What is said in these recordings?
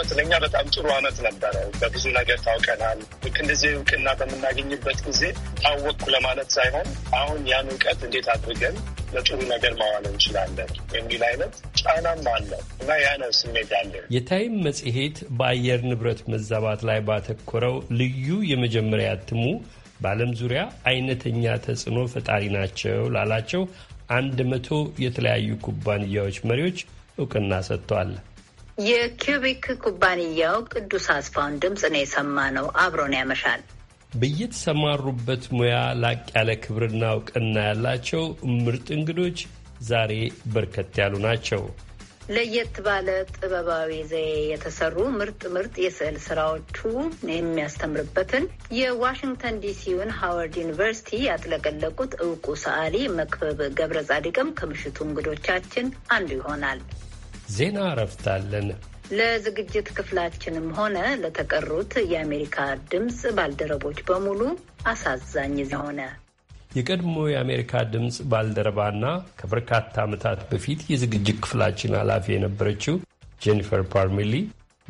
አመት ለእኛ በጣም ጥሩ አመት ነበረ። በብዙ ነገር ታውቀናል። ልክ እንደዚህ እውቅና በምናገኝበት ጊዜ ታወቅኩ ለማለት ሳይሆን አሁን ያን እውቀት እንዴት አድርገን ለጥሩ ነገር ማዋል እንችላለን የሚል አይነት ጫናም አለ እና ያ ነው ስሜት ያለ የታይም መጽሔት በአየር ንብረት መዛባት ላይ ባተኮረው ልዩ የመጀመሪያ እትሙ በዓለም ዙሪያ አይነተኛ ተጽዕኖ ፈጣሪ ናቸው ላላቸው አንድ መቶ የተለያዩ ኩባንያዎች መሪዎች እውቅና ሰጥቷል። የኪውቢክ ኩባንያው ቅዱስ አስፋውን ድምፅ ነው ነው። አብሮን ያመሻል። በየተሰማሩበት ሙያ ላቅ ያለ ክብርና እውቅና ያላቸው ምርጥ እንግዶች ዛሬ በርከት ያሉ ናቸው። ለየት ባለ ጥበባዊ ዘዬ የተሰሩ ምርጥ ምርጥ የስዕል ስራዎቹ የሚያስተምርበትን የዋሽንግተን ዲሲውን ሃዋርድ ዩኒቨርሲቲ ያጥለቀለቁት እውቁ ሰዓሊ መክበብ ገብረ ጻዲቅም ከምሽቱ እንግዶቻችን አንዱ ይሆናል። ዜና እረፍታለን። ለዝግጅት ክፍላችንም ሆነ ለተቀሩት የአሜሪካ ድምፅ ባልደረቦች በሙሉ አሳዛኝ የሆነ የቀድሞ የአሜሪካ ድምፅ ባልደረባና ከበርካታ ዓመታት በፊት የዝግጅት ክፍላችን ኃላፊ የነበረችው ጄኒፈር ፓርሜሊ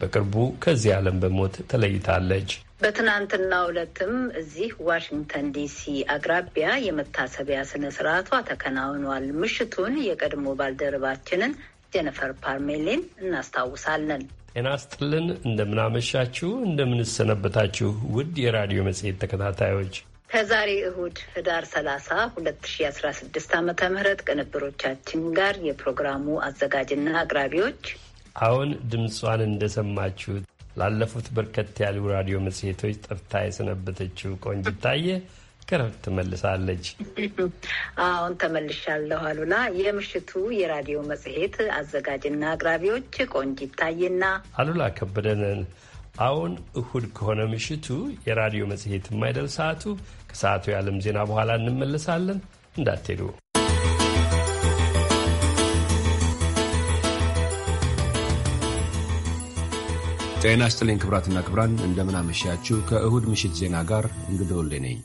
በቅርቡ ከዚህ ዓለም በሞት ተለይታለች። በትናንትና ዕለትም እዚህ ዋሽንግተን ዲሲ አቅራቢያ የመታሰቢያ ስነ ስርዓቷ ተከናውኗል። ምሽቱን የቀድሞ ባልደረባችንን ጄኒፈር ፓርሜሌን እናስታውሳለን። ጤና ስትልን እንደምናመሻችሁ፣ እንደምንሰነበታችሁ ውድ የራዲዮ መጽሔት ተከታታዮች ከዛሬ እሁድ ህዳር 30 2016 ዓ ም ቅንብሮቻችን ጋር የፕሮግራሙ አዘጋጅና አቅራቢዎች አሁን ድምጿን እንደሰማችሁት ላለፉት በርከት ያሉ ራዲዮ መጽሔቶች ጠፍታ የሰነበተችው ቆንጅታየ ከረፍት ትመልሳለች። አሁን ተመልሻለሁ። አሉላ የምሽቱ የራዲዮ መጽሔት አዘጋጅና አቅራቢዎች ቆንጅ ይታይና አሉላ ከበደንን። አሁን እሁድ ከሆነ ምሽቱ የራዲዮ መጽሔት የማይደል ሰዓቱ ከሰዓቱ የዓለም ዜና በኋላ እንመለሳለን። እንዳትሄዱ። ጤና ይስጥልኝ ክብራትና ክብራን፣ እንደምን አመሻችሁ። ከእሁድ ምሽት ዜና ጋር እንግዳ ወልዴ ነኝ።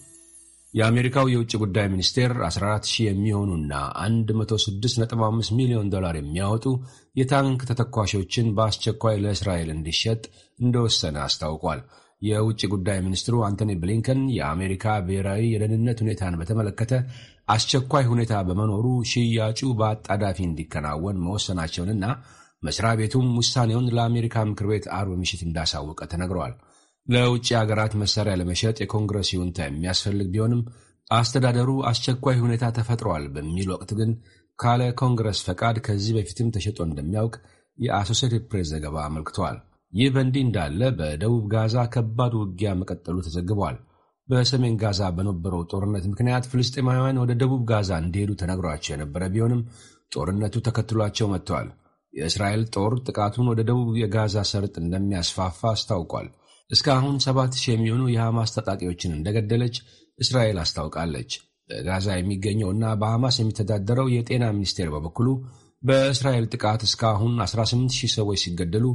የአሜሪካው የውጭ ጉዳይ ሚኒስቴር 14,000 የሚሆኑና 106.5 ሚሊዮን ዶላር የሚያወጡ የታንክ ተተኳሾችን በአስቸኳይ ለእስራኤል እንዲሸጥ እንደወሰነ አስታውቋል። የውጭ ጉዳይ ሚኒስትሩ አንቶኒ ብሊንከን የአሜሪካ ብሔራዊ የደህንነት ሁኔታን በተመለከተ አስቸኳይ ሁኔታ በመኖሩ ሽያጩ በአጣዳፊ እንዲከናወን መወሰናቸውንና መስሪያ ቤቱም ውሳኔውን ለአሜሪካ ምክር ቤት አርብ ምሽት እንዳሳወቀ ተነግረዋል። ለውጭ ሀገራት መሳሪያ ለመሸጥ የኮንግረስ ይሁንታ የሚያስፈልግ ቢሆንም አስተዳደሩ አስቸኳይ ሁኔታ ተፈጥሯል በሚል ወቅት ግን ካለ ኮንግረስ ፈቃድ ከዚህ በፊትም ተሸጦ እንደሚያውቅ የአሶሴትድ ፕሬስ ዘገባ አመልክተዋል። ይህ በእንዲህ እንዳለ በደቡብ ጋዛ ከባድ ውጊያ መቀጠሉ ተዘግቧል። በሰሜን ጋዛ በነበረው ጦርነት ምክንያት ፍልስጤማውያን ወደ ደቡብ ጋዛ እንዲሄዱ ተነግሯቸው የነበረ ቢሆንም ጦርነቱ ተከትሏቸው መጥተዋል። የእስራኤል ጦር ጥቃቱን ወደ ደቡብ የጋዛ ሰርጥ እንደሚያስፋፋ አስታውቋል። እስካሁን ሰባት ሺህ የሚሆኑ የሐማስ ታጣቂዎችን እንደገደለች እስራኤል አስታውቃለች። በጋዛ የሚገኘው እና በሐማስ የሚተዳደረው የጤና ሚኒስቴር በበኩሉ በእስራኤል ጥቃት እስካሁን 18 ሺህ ሰዎች ሲገደሉ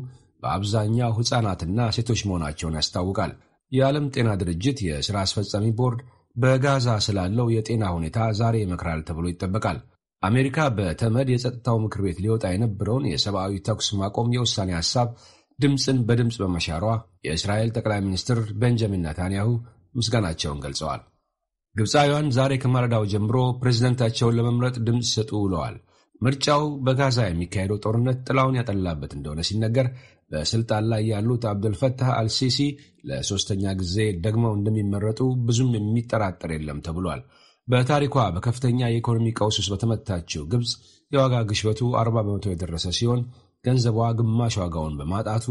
በአብዛኛው ሕፃናትና ሴቶች መሆናቸውን ያስታውቃል። የዓለም ጤና ድርጅት የሥራ አስፈጻሚ ቦርድ በጋዛ ስላለው የጤና ሁኔታ ዛሬ ይመክራል ተብሎ ይጠበቃል። አሜሪካ በተመድ የጸጥታው ምክር ቤት ሊወጣ የነበረውን የሰብአዊ ተኩስ ማቆም የውሳኔ ሐሳብ ድምፅን በድምፅ በመሻሯ የእስራኤል ጠቅላይ ሚኒስትር ቤንጃሚን ነታንያሁ ምስጋናቸውን ገልጸዋል። ግብፃውያን ዛሬ ከማለዳው ጀምሮ ፕሬዚደንታቸውን ለመምረጥ ድምፅ ሲሰጡ ውለዋል። ምርጫው በጋዛ የሚካሄደው ጦርነት ጥላውን ያጠላበት እንደሆነ ሲነገር በስልጣን ላይ ያሉት አብደልፈታህ አልሲሲ ለሦስተኛ ጊዜ ደግመው እንደሚመረጡ ብዙም የሚጠራጠር የለም ተብሏል። በታሪኳ በከፍተኛ የኢኮኖሚ ቀውስ ውስጥ በተመታችው ግብፅ የዋጋ ግሽበቱ 40 በመቶ የደረሰ ሲሆን ገንዘቧ ግማሽ ዋጋውን በማጣቱ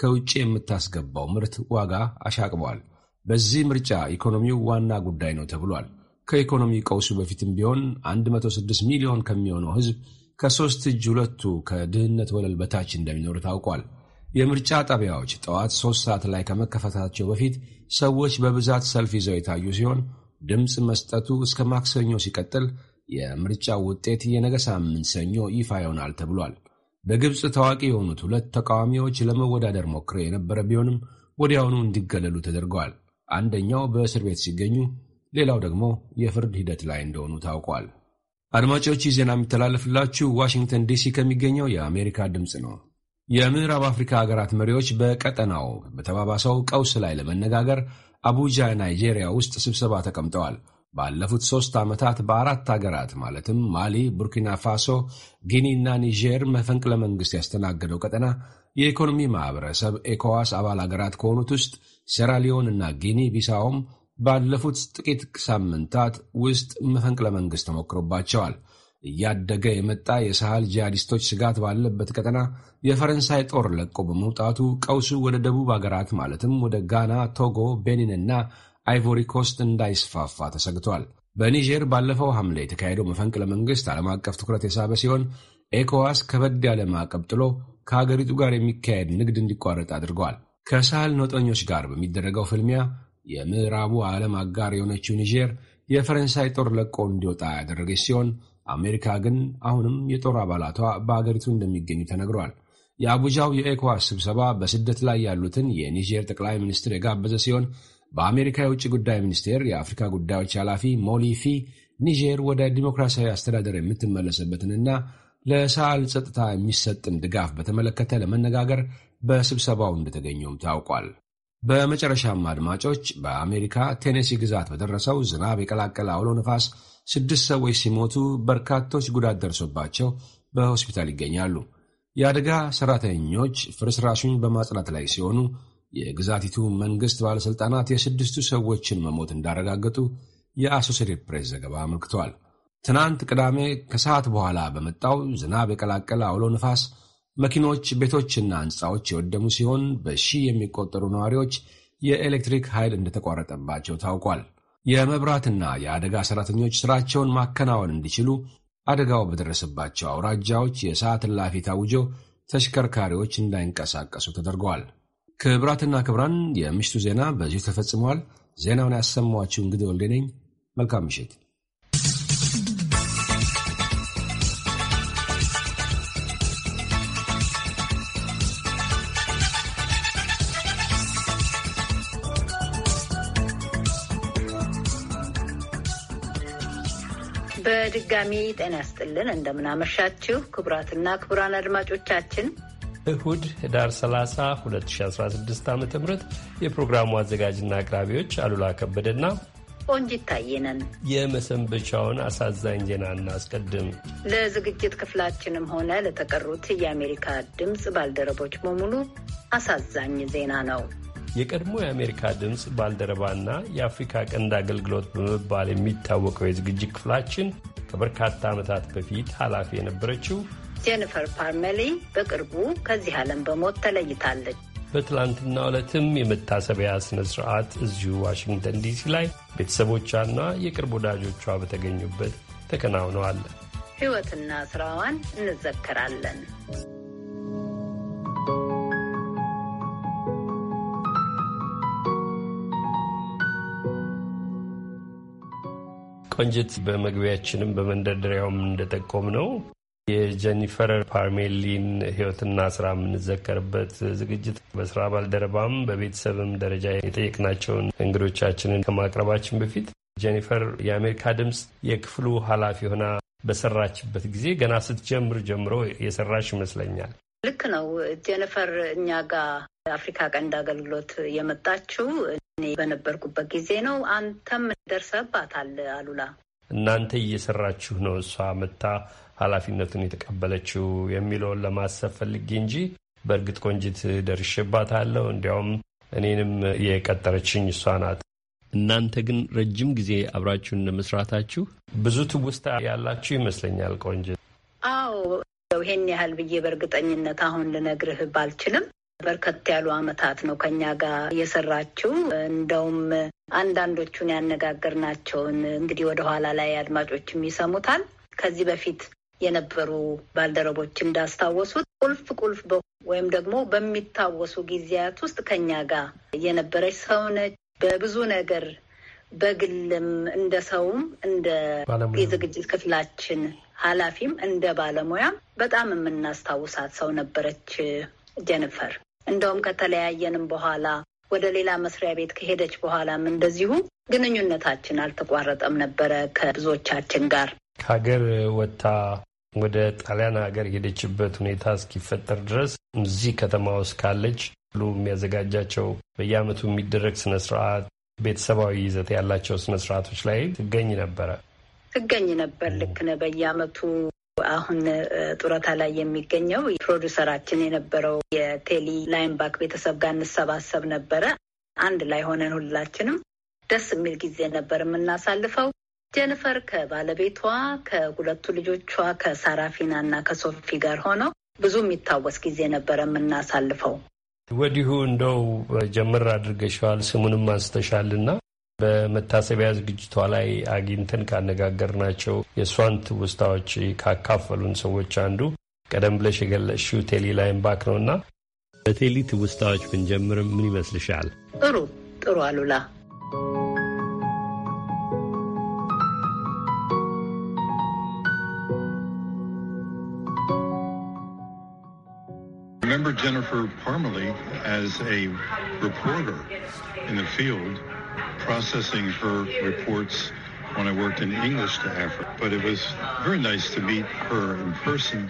ከውጭ የምታስገባው ምርት ዋጋ አሻቅቧል። በዚህ ምርጫ ኢኮኖሚው ዋና ጉዳይ ነው ተብሏል። ከኢኮኖሚ ቀውሱ በፊትም ቢሆን 106 ሚሊዮን ከሚሆነው ሕዝብ ከሦስት እጅ ሁለቱ ከድህነት ወለል በታች እንደሚኖር ታውቋል። የምርጫ ጣቢያዎች ጠዋት ሦስት ሰዓት ላይ ከመከፈታቸው በፊት ሰዎች በብዛት ሰልፍ ይዘው የታዩ ሲሆን ድምፅ መስጠቱ እስከ ማክሰኞ ሲቀጥል የምርጫው ውጤት የነገ ሳምንት ሰኞ ይፋ ይሆናል ተብሏል። በግብፅ ታዋቂ የሆኑት ሁለት ተቃዋሚዎች ለመወዳደር ሞክረው የነበረ ቢሆንም ወዲያውኑ እንዲገለሉ ተደርገዋል። አንደኛው በእስር ቤት ሲገኙ፣ ሌላው ደግሞ የፍርድ ሂደት ላይ እንደሆኑ ታውቋል። አድማጮች ይህ ዜና የሚተላለፍላችሁ ዋሽንግተን ዲሲ ከሚገኘው የአሜሪካ ድምፅ ነው። የምዕራብ አፍሪካ ሀገራት መሪዎች በቀጠናው በተባባሰው ቀውስ ላይ ለመነጋገር አቡጃ ናይጄሪያ ውስጥ ስብሰባ ተቀምጠዋል። ባለፉት ሦስት ዓመታት በአራት አገራት ማለትም ማሊ፣ ቡርኪና ፋሶ፣ ጊኒ እና ኒጀር መፈንቅለ መንግሥት ያስተናገደው ቀጠና የኢኮኖሚ ማኅበረሰብ ኤኮዋስ አባል አገራት ከሆኑት ውስጥ ሴራሊዮን እና ጊኒ ቢሳውም ባለፉት ጥቂት ሳምንታት ውስጥ መፈንቅለ መንግሥት ተሞክሮባቸዋል። እያደገ የመጣ የሳህል ጂሃዲስቶች ስጋት ባለበት ቀጠና የፈረንሳይ ጦር ለቆ በመውጣቱ ቀውሱ ወደ ደቡብ አገራት ማለትም ወደ ጋና፣ ቶጎ፣ ቤኒን እና አይቮሪ ኮስት እንዳይስፋፋ ተሰግቷል። በኒጀር ባለፈው ሐምሌ የተካሄደው መፈንቅለ መንግሥት ዓለም አቀፍ ትኩረት የሳበ ሲሆን ኤኮዋስ ከበድ ያለ ማዕቀብ ጥሎ ከአገሪቱ ጋር የሚካሄድ ንግድ እንዲቋረጥ አድርገዋል። ከሳህል ነውጠኞች ጋር በሚደረገው ፍልሚያ የምዕራቡ ዓለም አጋር የሆነችው ኒጀር የፈረንሳይ ጦር ለቆ እንዲወጣ ያደረገች ሲሆን አሜሪካ ግን አሁንም የጦር አባላቷ በአገሪቱ እንደሚገኙ ተነግሯል። የአቡጃው የኤኮዋስ ስብሰባ በስደት ላይ ያሉትን የኒጀር ጠቅላይ ሚኒስትር የጋበዘ ሲሆን በአሜሪካ የውጭ ጉዳይ ሚኒስቴር የአፍሪካ ጉዳዮች ኃላፊ ሞሊፊ ኒጀር ወደ ዲሞክራሲያዊ አስተዳደር የምትመለስበትንና ለሳህል ጸጥታ የሚሰጥን ድጋፍ በተመለከተ ለመነጋገር በስብሰባው እንደተገኘውም ታውቋል። በመጨረሻም አድማጮች፣ በአሜሪካ ቴኔሲ ግዛት በደረሰው ዝናብ የቀላቀለ አውሎ ነፋስ ስድስት ሰዎች ሲሞቱ በርካቶች ጉዳት ደርሶባቸው በሆስፒታል ይገኛሉ። የአደጋ ሠራተኞች ፍርስራሹን በማጽዳት ላይ ሲሆኑ የግዛቲቱ መንግሥት ባለሥልጣናት የስድስቱ ሰዎችን መሞት እንዳረጋገጡ የአሶሴትድ ፕሬስ ዘገባ አመልክቷል። ትናንት ቅዳሜ ከሰዓት በኋላ በመጣው ዝናብ የቀላቀለ አውሎ ነፋስ መኪኖች፣ ቤቶችና ሕንፃዎች የወደሙ ሲሆን በሺህ የሚቆጠሩ ነዋሪዎች የኤሌክትሪክ ኃይል እንደተቋረጠባቸው ታውቋል። የመብራትና የአደጋ ሠራተኞች ሥራቸውን ማከናወን እንዲችሉ አደጋው በደረሰባቸው አውራጃዎች የሰዓት እላፊ ታውጆ ተሽከርካሪዎች እንዳይንቀሳቀሱ ተደርገዋል። ክብራትና ክብራን የምሽቱ ዜና በዚሁ ተፈጽመዋል። ዜናውን ያሰማኋችሁ እንግዲህ ወልዴ ነኝ። መልካም ምሽት። በድጋሚ ጤና ያስጥልን። እንደምናመሻችሁ ክቡራትና ክቡራን አድማጮቻችን እሁድ ህዳር 30 2016 ዓ ም የፕሮግራሙ አዘጋጅና አቅራቢዎች አሉላ ከበደና ቆንጂት ታየነን። የመሰንበቻውን አሳዛኝ ዜና እናስቀድም። ለዝግጅት ክፍላችንም ሆነ ለተቀሩት የአሜሪካ ድምፅ ባልደረቦች በሙሉ አሳዛኝ ዜና ነው። የቀድሞ የአሜሪካ ድምፅ ባልደረባና የአፍሪካ ቀንድ አገልግሎት በመባል የሚታወቀው የዝግጅት ክፍላችን ከበርካታ ዓመታት በፊት ኃላፊ የነበረችው ጄኒፈር ፓርሜሊ በቅርቡ ከዚህ ዓለም በሞት ተለይታለች። በትላንትና ዕለትም የመታሰቢያ ስነ ስርዓት እዚሁ ዋሽንግተን ዲሲ ላይ ቤተሰቦቿና የቅርብ ወዳጆቿ በተገኙበት ተከናውነዋል። ሕይወትና ስራዋን እንዘከራለን። ቆንጅት፣ በመግቢያችንም በመንደርደሪያውም እንደጠቆም ነው የጀኒፈር ፓርሜሊን ህይወትና ስራ የምንዘከርበት ዝግጅት በስራ ባልደረባም በቤተሰብም ደረጃ የጠየቅናቸውን እንግዶቻችንን ከማቅረባችን በፊት ጀኒፈር የአሜሪካ ድምፅ የክፍሉ ኃላፊ ሆና በሰራችበት ጊዜ ገና ስትጀምር ጀምሮ የሰራሽ ይመስለኛል። ልክ ነው ጀኒፈር እኛ ጋር አፍሪካ ቀንድ አገልግሎት የመጣችው እኔ በነበርኩበት ጊዜ ነው። አንተም ደርሰባት አለ አሉላ እናንተ እየሰራችሁ ነው እሷ መታ ኃላፊነቱን የተቀበለችው የሚለውን ለማሰብ ፈልጌ እንጂ በእርግጥ ቆንጅት ደርሽባታለሁ። እንዲያውም እኔንም የቀጠረችኝ እሷ ናት። እናንተ ግን ረጅም ጊዜ አብራችሁን መስራታችሁ ብዙ ትውስታ ያላችሁ ይመስለኛል። ቆንጅት አዎ፣ ይሄን ያህል ብዬ በእርግጠኝነት አሁን ልነግርህ ባልችልም በርከት ያሉ አመታት ነው ከኛ ጋር የሰራችው። እንደውም አንዳንዶቹን ያነጋገርናቸውን እንግዲህ ወደ ኋላ ላይ አድማጮችም ይሰሙታል። ከዚህ በፊት የነበሩ ባልደረቦች እንዳስታወሱት ቁልፍ ቁልፍ ወይም ደግሞ በሚታወሱ ጊዜያት ውስጥ ከኛ ጋር የነበረች ሰው ነች። በብዙ ነገር በግልም እንደ ሰውም እንደ የዝግጅት ክፍላችን ኃላፊም እንደ ባለሙያም በጣም የምናስታውሳት ሰው ነበረች ጀኒፈር። እንደውም ከተለያየንም በኋላ ወደ ሌላ መስሪያ ቤት ከሄደች በኋላም እንደዚሁ ግንኙነታችን አልተቋረጠም ነበረ ከብዙዎቻችን ጋር። ከሀገር ወጥታ ወደ ጣሊያን ሀገር የሄደችበት ሁኔታ እስኪፈጠር ድረስ እዚህ ከተማ ውስጥ ካለች ሁሉ የሚያዘጋጃቸው በየአመቱ የሚደረግ ስነስርዓት ቤተሰባዊ ይዘት ያላቸው ስነስርዓቶች ላይ ትገኝ ነበረ ትገኝ ነበር። ልክ ነህ። አሁን ጡረታ ላይ የሚገኘው ፕሮዲውሰራችን የነበረው የቴሊ ላይንባክ ቤተሰብ ጋር እንሰባሰብ ነበረ። አንድ ላይ ሆነን ሁላችንም ደስ የሚል ጊዜ ነበር የምናሳልፈው። ጀንፈር ከባለቤቷ ከሁለቱ ልጆቿ ከሳራፊና እና ከሶፊ ጋር ሆነው ብዙ የሚታወስ ጊዜ ነበር የምናሳልፈው። ወዲሁ እንደው ጀምር አድርገሸዋል ስሙንም አንስተሻልና በመታሰቢያ ዝግጅቷ ላይ አግኝተን ካነጋገርናቸው የእሷን ትውስታዎች ካካፈሉን ሰዎች አንዱ ቀደም ብለሽ የገለሽው ቴሊ ላይምባክ ነው እና በቴሊ ትውስታዎች ብንጀምር ምን ይመስልሻል? ጥሩ ጥሩ አሉላ I remember Jennifer Parmalee as a reporter in the field. processing her reports when I worked in English to Africa. But it was very nice to meet her in person.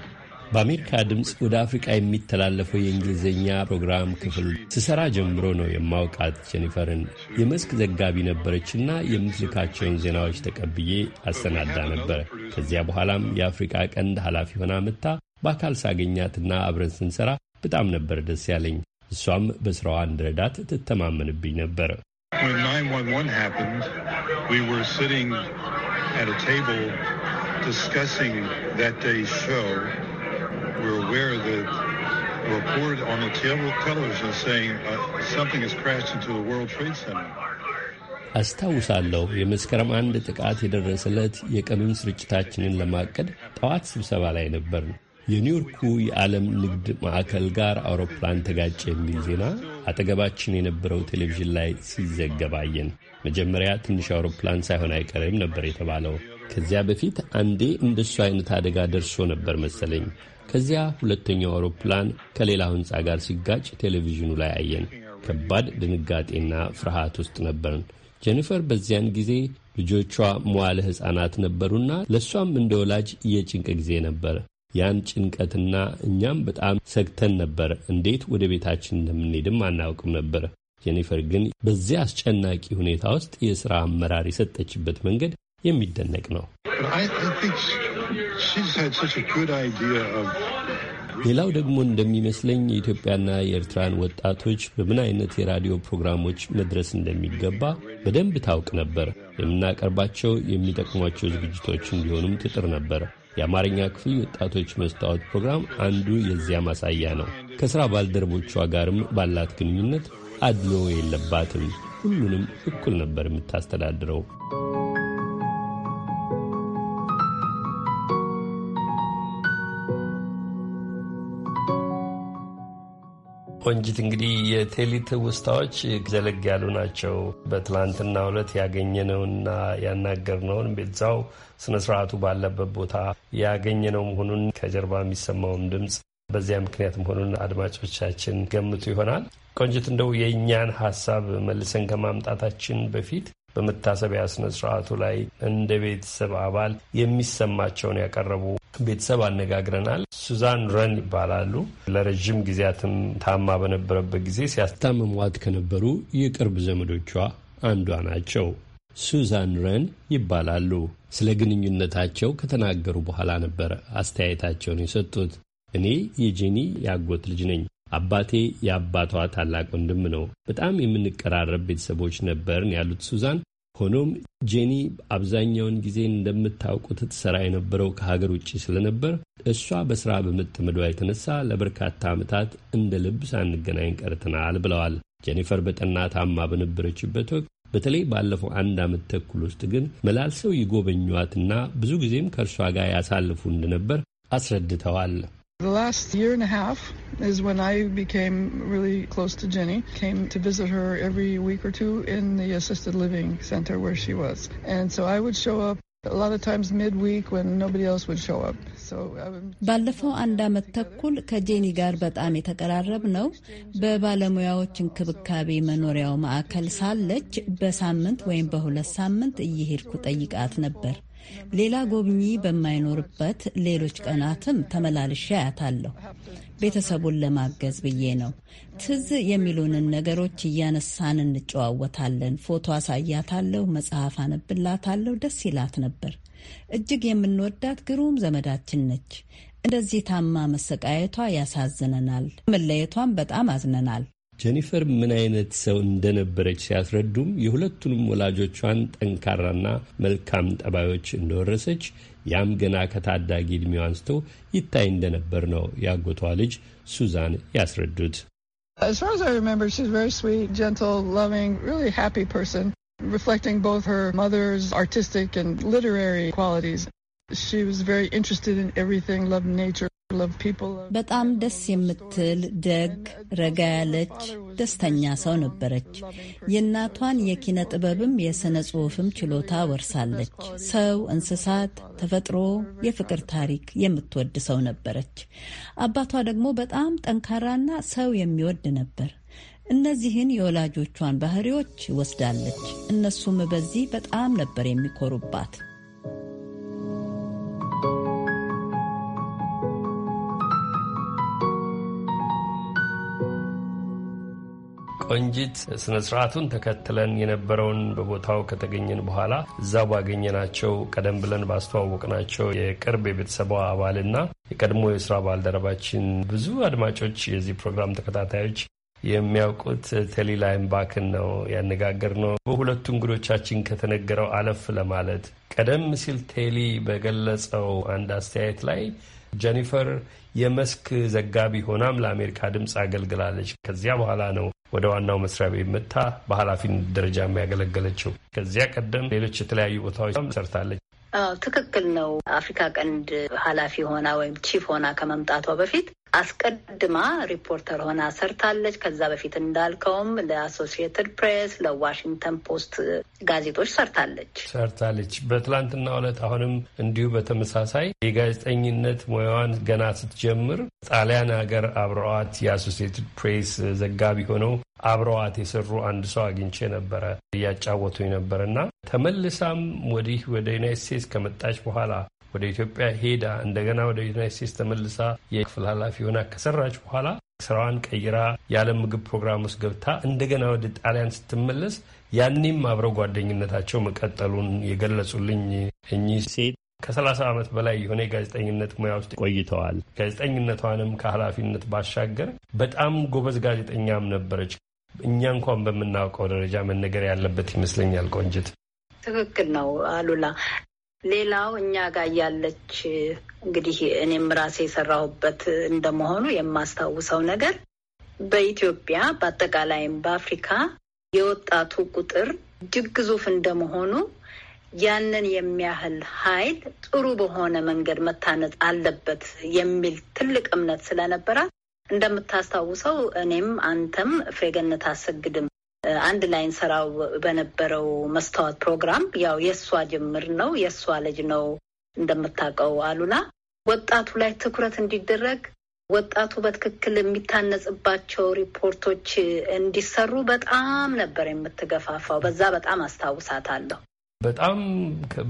በአሜሪካ ድምፅ ወደ አፍሪቃ የሚተላለፈው የእንግሊዝኛ ፕሮግራም ክፍል ስሰራ ጀምሮ ነው የማውቃት ጀኒፈርን። የመስክ ዘጋቢ ነበረችና የምትልካቸውን ዜናዎች ተቀብዬ አሰናዳ ነበር። ከዚያ በኋላም የአፍሪቃ ቀንድ ኃላፊ ሆና መታ በአካል ሳገኛትና አብረን ስንሰራ በጣም ነበር ደስ ያለኝ። እሷም በስራዋ እንድረዳት ትተማመንብኝ ነበር። when 911 happened, we were sitting at a table discussing that day's show. We're aware that a report on the te- television saying uh, something has crashed into the World Trade Center. አስታውሳለሁ የመስከረም አንድ ጥቃት የደረሰለት የቀኑን ስርጭታችንን ለማቀድ ጠዋት ስብሰባ ላይ ነበርን። የኒውዮርኩ የዓለም ንግድ ማዕከል ጋር አውሮፕላን ተጋጨ የሚል ዜና አጠገባችን የነበረው ቴሌቪዥን ላይ ሲዘገባየን መጀመሪያ ትንሽ አውሮፕላን ሳይሆን አይቀርም ነበር የተባለው። ከዚያ በፊት አንዴ እንደሱ አይነት አደጋ ደርሶ ነበር መሰለኝ። ከዚያ ሁለተኛው አውሮፕላን ከሌላ ሕንፃ ጋር ሲጋጭ ቴሌቪዥኑ ላይ አየን። ከባድ ድንጋጤና ፍርሃት ውስጥ ነበርን። ጀኒፈር በዚያን ጊዜ ልጆቿ መዋለ ሕፃናት ነበሩና ለእሷም እንደ ወላጅ የጭንቅ ጊዜ ነበር። ያን ጭንቀትና እኛም በጣም ሰግተን ነበር። እንዴት ወደ ቤታችን እንደምንሄድም አናውቅም ነበር። ጄኒፈር ግን በዚያ አስጨናቂ ሁኔታ ውስጥ የሥራ አመራር የሰጠችበት መንገድ የሚደነቅ ነው። ሌላው ደግሞ እንደሚመስለኝ የኢትዮጵያና የኤርትራን ወጣቶች በምን አይነት የራዲዮ ፕሮግራሞች መድረስ እንደሚገባ በደንብ ታውቅ ነበር። የምናቀርባቸው የሚጠቅሟቸው ዝግጅቶች እንዲሆኑም ትጥር ነበር። የአማርኛ ክፍል ወጣቶች መስታወት ፕሮግራም አንዱ የዚያ ማሳያ ነው። ከሥራ ባልደረቦቿ ጋርም ባላት ግንኙነት አድሎ የለባትም። ሁሉንም እኩል ነበር የምታስተዳድረው። ቆንጂት እንግዲህ የቴሊት ውስታዎች ዘለግ ያሉ ናቸው። በትላንትና ዕለት ያገኘነውና ያናገርነውን በዛው ስነስርዓቱ ባለበት ቦታ ያገኘነው መሆኑን ከጀርባ የሚሰማውም ድምፅ በዚያ ምክንያት መሆኑን አድማጮቻችን ገምቱ ይሆናል። ቆንጅት እንደው የእኛን ሀሳብ መልሰን ከማምጣታችን በፊት በመታሰቢያ ስነ ስርዓቱ ላይ እንደ ቤተሰብ አባል የሚሰማቸውን ያቀረቡ ቤተሰብ አነጋግረናል። ሱዛን ረን ይባላሉ። ለረዥም ጊዜያትም ታማ በነበረበት ጊዜ ሲያስታምሟት ከነበሩ የቅርብ ዘመዶቿ አንዷ ናቸው። ሱዛን ረን ይባላሉ። ስለ ግንኙነታቸው ከተናገሩ በኋላ ነበር አስተያየታቸውን የሰጡት። እኔ የጄኒ ያጎት ልጅ ነኝ አባቴ የአባቷ ታላቅ ወንድም ነው። በጣም የምንቀራረብ ቤተሰቦች ነበርን ያሉት ሱዛን፣ ሆኖም ጄኒ አብዛኛውን ጊዜ እንደምታውቁት ትሰራ የነበረው ከሀገር ውጭ ስለነበር እሷ በስራ በመጠመዷ የተነሳ ለበርካታ ዓመታት እንደ ልብ ሳንገናኝ ቀርተናል ብለዋል። ጄኒፈር በጠና ታማ በነበረችበት ወቅት በተለይ ባለፈው አንድ ዓመት ተኩል ውስጥ ግን መላልሰው ይጎበኟትና ብዙ ጊዜም ከእርሷ ጋር ያሳልፉ እንደነበር አስረድተዋል። The last year and a half is when I became really close to Jenny. Came to visit her every week or two in the assisted living center where she was. And so I would show up a lot of times midweek when nobody else would show up. Um, ባለፈው አንድ ዓመት ተኩል ከጄኒ ጋር በጣም የተቀራረብ ነው። በባለሙያዎች እንክብካቤ መኖሪያው ማዕከል ሳለች በሳምንት ወይም በሁለት ሳምንት እየሄድኩ ጠይቃት ነበር። ሌላ ጎብኚ በማይኖርበት ሌሎች ቀናትም ተመላልሼ አያታለሁ። ቤተሰቡን ለማገዝ ብዬ ነው። ትዝ የሚሉንን ነገሮች እያነሳን እንጨዋወታለን። ፎቶ አሳያታለሁ፣ መጽሐፍ አነብላታለሁ። ደስ ይላት ነበር። እጅግ የምንወዳት ግሩም ዘመዳችን ነች። እንደዚህ ታማ መሰቃየቷ ያሳዝነናል። መለየቷን በጣም አዝነናል። ጄኒፈር ምን አይነት ሰው እንደነበረች ሲያስረዱም የሁለቱንም ወላጆቿን ጠንካራና መልካም ጠባዮች እንደወረሰች ያም ገና ከታዳጊ ዕድሜው አንስቶ ይታይ እንደነበር ነው ያጎቷ ልጅ ሱዛን ያስረዱት። በጣም ደስ የምትል ደግ፣ ረጋ ያለች ደስተኛ ሰው ነበረች። የእናቷን የኪነ ጥበብም የሥነ ጽሑፍም ችሎታ ወርሳለች። ሰው፣ እንስሳት፣ ተፈጥሮ፣ የፍቅር ታሪክ የምትወድ ሰው ነበረች። አባቷ ደግሞ በጣም ጠንካራና ሰው የሚወድ ነበር። እነዚህን የወላጆቿን ባህሪዎች ወስዳለች። እነሱም በዚህ በጣም ነበር የሚኮሩባት። ቆንጂት፣ ስነ ስርዓቱን ተከትለን የነበረውን በቦታው ከተገኘን በኋላ እዛ ባገኘናቸው ቀደም ብለን ባስተዋወቅናቸው የቅርብ የቤተሰቧ አባልና የቀድሞ የስራ ባልደረባችን ብዙ አድማጮች የዚህ ፕሮግራም ተከታታዮች የሚያውቁት ቴሊ ላይምባክን ነው ያነጋገር ነው። በሁለቱ እንግዶቻችን ከተነገረው አለፍ ለማለት ቀደም ሲል ቴሊ በገለጸው አንድ አስተያየት ላይ ጀኒፈር የመስክ ዘጋቢ ሆናም ለአሜሪካ ድምፅ አገልግላለች። ከዚያ በኋላ ነው ወደ ዋናው መስሪያ ቤት መጥታ በኃላፊነት ደረጃ የሚያገለገለችው። ከዚያ ቀደም ሌሎች የተለያዩ ቦታዎች ሰርታለች። ትክክል ነው። አፍሪካ ቀንድ ኃላፊ ሆና ወይም ቺፍ ሆና ከመምጣቷ በፊት አስቀድማ ሪፖርተር ሆና ሰርታለች። ከዛ በፊት እንዳልከውም ለአሶሲየትድ ፕሬስ፣ ለዋሽንግተን ፖስት ጋዜጦች ሰርታለች ሰርታለች። በትላንትና ዕለት አሁንም እንዲሁ በተመሳሳይ የጋዜጠኝነት ሙያዋን ገና ስትጀምር ጣሊያን ሀገር አብረዋት የአሶሲየትድ ፕሬስ ዘጋቢ ሆነው አብረዋት የሰሩ አንድ ሰው አግኝቼ ነበረ እያጫወቱኝ ነበር እና ተመልሳም ወዲህ ወደ ዩናይት ስቴትስ ከመጣች በኋላ ወደ ኢትዮጵያ ሄዳ እንደገና ወደ ዩናይት ስቴትስ ተመልሳ የክፍል ኃላፊ ሆና ከሰራች በኋላ ስራዋን ቀይራ የዓለም ምግብ ፕሮግራም ውስጥ ገብታ እንደገና ወደ ጣሊያን ስትመለስ ያኔም አብረው ጓደኝነታቸው መቀጠሉን የገለጹልኝ እኚህ ሴት ከ30 ዓመት በላይ የሆነ የጋዜጠኝነት ሙያ ውስጥ ቆይተዋል። ጋዜጠኝነቷንም ከኃላፊነት ባሻገር በጣም ጎበዝ ጋዜጠኛም ነበረች። እኛ እንኳን በምናውቀው ደረጃ መነገር ያለበት ይመስለኛል። ቆንጅት፣ ትክክል ነው አሉላ። ሌላው እኛ ጋር ያለች እንግዲህ እኔም ራሴ የሰራሁበት እንደመሆኑ የማስታውሰው ነገር በኢትዮጵያ በአጠቃላይም በአፍሪካ የወጣቱ ቁጥር እጅግ ግዙፍ እንደመሆኑ ያንን የሚያህል ኃይል ጥሩ በሆነ መንገድ መታነጽ አለበት የሚል ትልቅ እምነት ስለነበራት እንደምታስታውሰው እኔም አንተም ፌገነት አሰግድም አንድ ላይ ሰራው በነበረው መስታወት ፕሮግራም ያው የእሷ ጅምር ነው፣ የእሷ ልጅ ነው እንደምታውቀው አሉላ ወጣቱ ላይ ትኩረት እንዲደረግ ወጣቱ በትክክል የሚታነጽባቸው ሪፖርቶች እንዲሰሩ በጣም ነበር የምትገፋፋው። በዛ በጣም አስታውሳታለሁ። በጣም